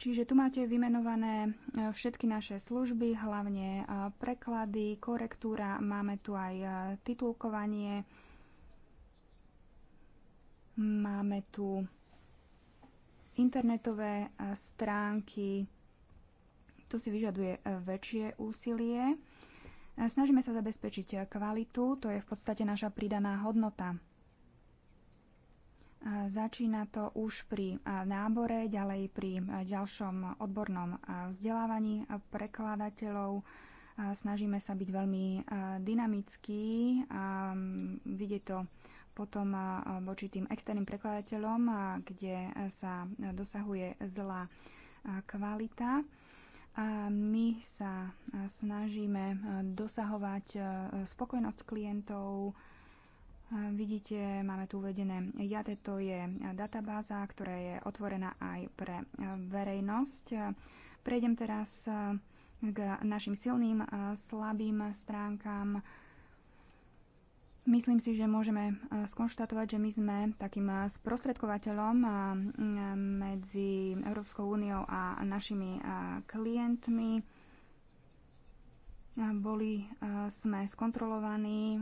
Čiže tu máte vymenované e, všetky naše služby, hlavne e, preklady, korektúra, máme tu aj e, titulkovanie, máme tu internetové stránky, to si vyžaduje väčšie úsilie. Snažíme sa zabezpečiť kvalitu, to je v podstate naša pridaná hodnota. Začína to už pri nábore, ďalej pri ďalšom odbornom vzdelávaní prekladateľov. Snažíme sa byť veľmi dynamickí a vidieť to potom voči tým externým prekladateľom, kde sa dosahuje zlá kvalita. A my sa snažíme dosahovať spokojnosť klientov, Vidíte, máme tu uvedené JATE, to je databáza, ktorá je otvorená aj pre e, verejnosť. Prejdem teraz e, k našim silným, e, slabým stránkam. Myslím si, že môžeme skonštatovať, že my sme takým sprostredkovateľom medzi Európskou úniou a našimi klientmi boli e, sme skontrolovaní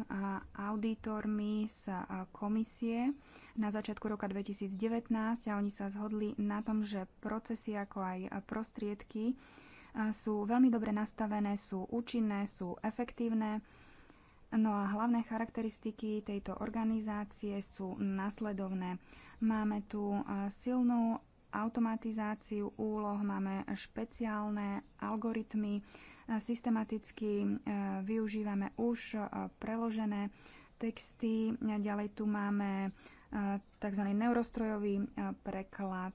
auditormi z e, komisie na začiatku roka 2019 a oni sa zhodli na tom, že procesy ako aj e, prostriedky sú veľmi dobre nastavené, sú účinné, sú efektívne. No a hlavné charakteristiky tejto organizácie sú nasledovné. Máme tu silnú automatizáciu úloh, máme špeciálne algoritmy, e, systematicky e, využívame už e, preložené texty, ďalej tu máme tzv. neurostrojový preklad.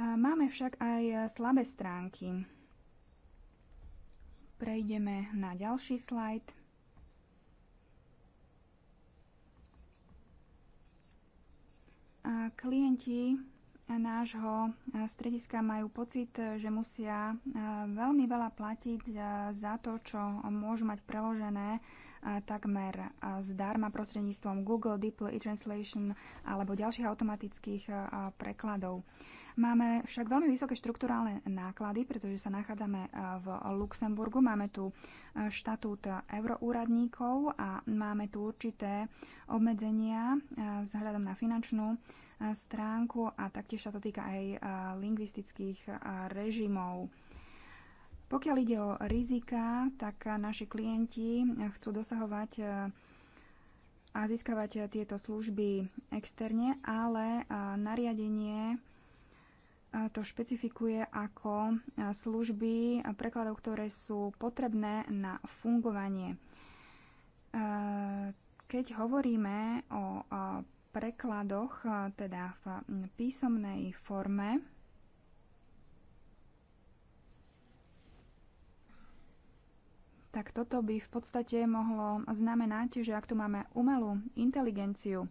Máme však aj slabé stránky. Prejdeme na ďalší slajd. Klienti nášho strediska majú pocit, že musia veľmi veľa platiť za to, čo môžu mať preložené takmer zdarma prostredníctvom Google, Deep e-Translation alebo ďalších automatických prekladov. Máme však veľmi vysoké štruktúrálne náklady, pretože sa nachádzame e, v Luxemburgu. Máme tu e, štatút euroúradníkov a máme tu určité obmedzenia e, vzhľadom na finančnú stránku a taktiež sa to týka aj lingvistických režimov. Pokiaľ ide o rizika, tak naši klienti chcú dosahovať a získavať tieto služby externe, ale nariadenie to špecifikuje ako služby prekladov, ktoré sú potrebné na fungovanie. Keď hovoríme o prekladoch, teda v písomnej forme, tak toto by v podstate mohlo znamenať, že ak tu máme umelú inteligenciu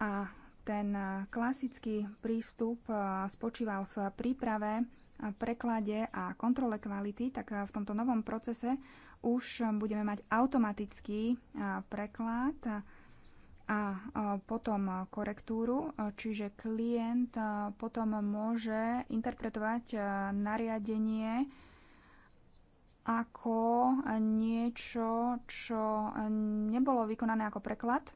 a ten eh, klasický prístup eh, spočíval v príprave, eh, preklade a kontrole kvality, tak v tomto novom procese už budeme mať automatický preklad a potom korektúru, čiže klient potom môže interpretovať nariadenie ako niečo, čo nebolo vykonané ako preklad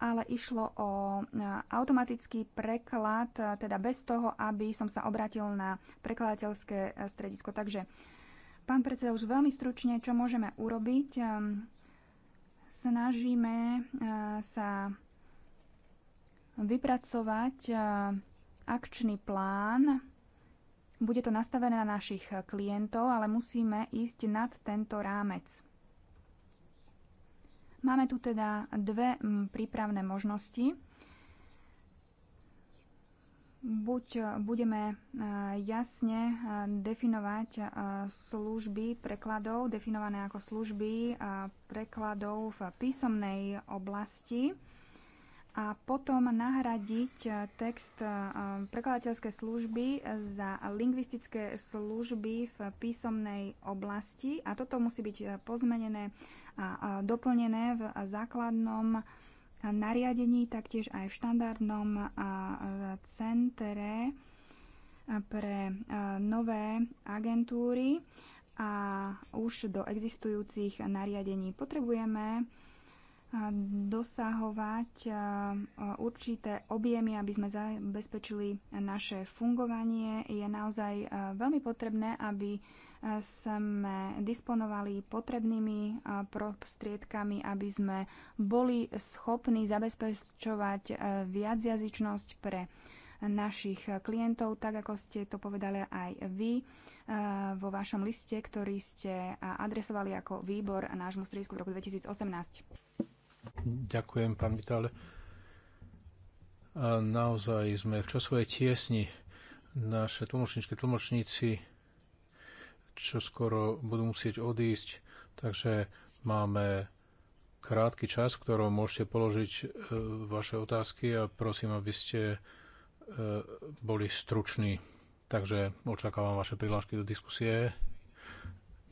ale išlo o automatický preklad, teda bez toho, aby som sa obratil na prekladateľské stredisko. Takže, pán predseda, už veľmi stručne, čo môžeme urobiť? Snažíme sa vypracovať akčný plán. Bude to nastavené na našich klientov, ale musíme ísť nad tento rámec. Máme tu teda dve prípravné možnosti. Buď e, budeme e, jasne e, definovať služby prekladov, definované ako služby prekladov v písomnej oblasti, a potom nahradiť e, text e, prekladateľské služby za lingvistické služby v písomnej oblasti. A toto musí byť e, pozmenené a doplnené v základnom nariadení, taktiež aj v štandardnom centre pre nové agentúry a už do existujúcich nariadení. Potrebujeme dosahovať určité objemy, aby sme zabezpečili naše fungovanie. Je naozaj veľmi potrebné, aby sme disponovali potrebnými prostriedkami, aby sme boli schopní zabezpečovať viacjazyčnosť pre našich klientov, tak ako ste to povedali aj vy vo vašom liste, ktorý ste adresovali ako výbor nášmu stredisku v roku 2018. Ďakujem, pán Vitale. naozaj sme v časovej tiesni. Naše tlmočničky, tlmočníci čo skoro budú musieť odísť, takže máme krátky čas, v ktorom môžete položiť e, vaše otázky a prosím, aby ste e, boli struční. Takže očakávam vaše prihlášky do diskusie.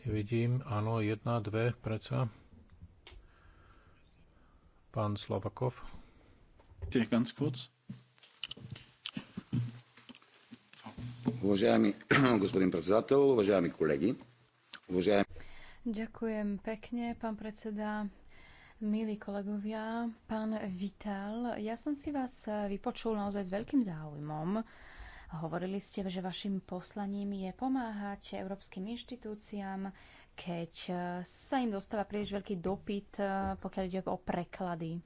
Nevidím. Áno, jedna, dve, predsa. Pán Slovakov. Ganz kurz. Uvažajami, gospodin председател, uvažajami колеги, uvažajami... Ďakujem pekne, pán predseda. Milí kolegovia, pán Vital, ja som si vás eh, vypočul naozaj s veľkým záujmom. Hovorili ste, že vašim poslaním je pomáhať európskym inštitúciám, keď eh, sa im dostáva príliš veľký dopyt, eh, pokiaľ ide o preklady.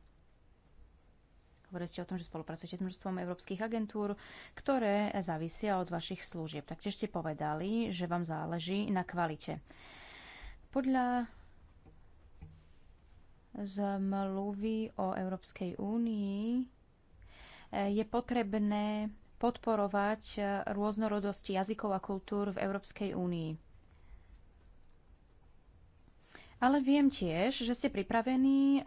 Hovoríte o tom, že spolupracujete s množstvom európskych agentúr, ktoré závisia od vašich služieb. Taktiež ste povedali, že vám záleží na kvalite. Podľa zmluvy o Európskej únii eh, je potrebné podporovať rôznorodosť jazykov a kultúr v Európskej únii. Ale viem tiež, že ste pripravení eh,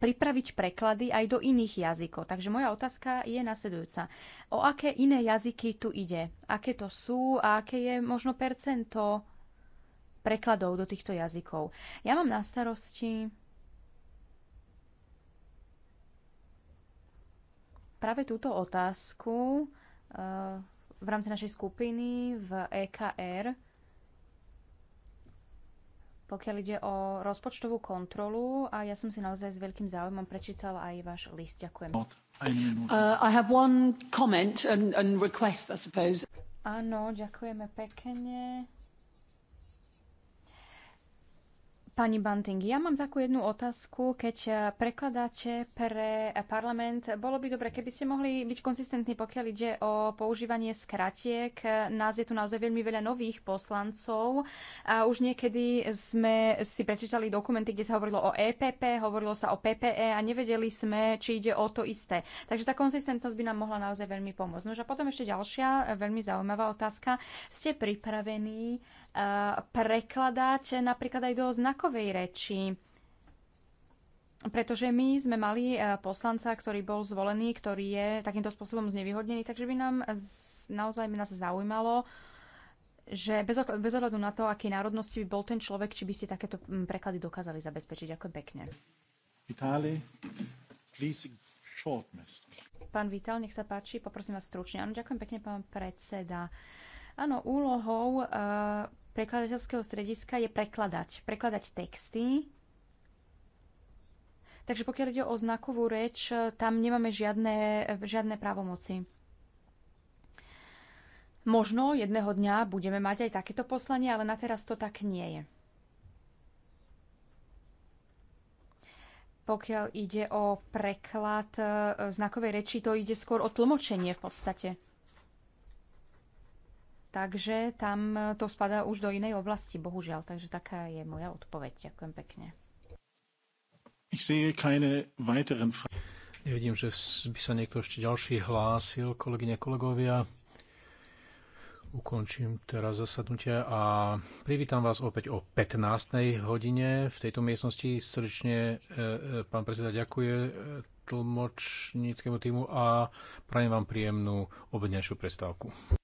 pripraviť preklady aj do iných jazykov. Takže moja otázka je nasledujúca. O aké iné jazyky tu ide? Aké to sú a aké je možno percento prekladov do týchto jazykov? Ja mám na starosti práve túto otázku eh, v rámci našej skupiny v EKR pokiaľ ide o rozpočtovú kontrolu a ja som si naozaj s veľkým záujmom prečítala aj váš list. Ďakujem. Uh, I have one comment and, and request, I suppose. Áno, ďakujeme pekne. Pani Banting, ja mám takú jednu otázku. Keď eh, prekladáte pre parlament, bolo by dobre, keby ste mohli byť konzistentní, pokiaľ ide o používanie skratiek. Nás je tu naozaj veľmi veľa nových poslancov. A už niekedy sme si prečítali dokumenty, kde sa hovorilo o EPP, hovorilo sa o PPE a nevedeli sme, či ide o to isté. Takže tá konzistentnosť by nám mohla naozaj veľmi pomôcť. No a potom ešte ďalšia eh, veľmi zaujímavá otázka. Ste pripravení prekladať napríklad aj do znakovej reči. Pretože my sme mali e, poslanca, ktorý bol zvolený, ktorý je takýmto spôsobom znevýhodnený, takže by nám naozaj by nás zaujímalo, že bez, bez ohľadu na to, aký národnosti by bol ten človek, či by ste takéto preklady dokázali zabezpečiť. Ďakujem pekne. Vitali, please short message. Pán Vital, nech sa páči, poprosím vás stručne. Áno, ďakujem pekne, pán predseda. Áno, úlohou uh, prekladateľského strediska je prekladať. Prekladať texty. Takže pokiaľ ide o znakovú reč, tam nemáme žiadne, žiadne právomoci. Možno jedného dňa budeme mať aj takéto poslanie, ale na teraz to tak nie je. Pokiaľ ide o preklad eh, znakovej reči, to ide skôr o tlmočenie v podstate. Takže tam e, to spadá už do inej oblasti, bohužiaľ. Takže taká je moja odpoveď. Ďakujem pekne. Ich sehe keine weiteren Nevidím, že by sa niekto ešte ďalší hlásil, kolegyne, kolegovia. Ukončím teraz zasadnutie a privítam vás opäť o 15. hodine v tejto miestnosti. Srdečne e, e, pán predseda ďakuje tlmočníckému týmu a prajem vám príjemnú obednejšiu prestávku.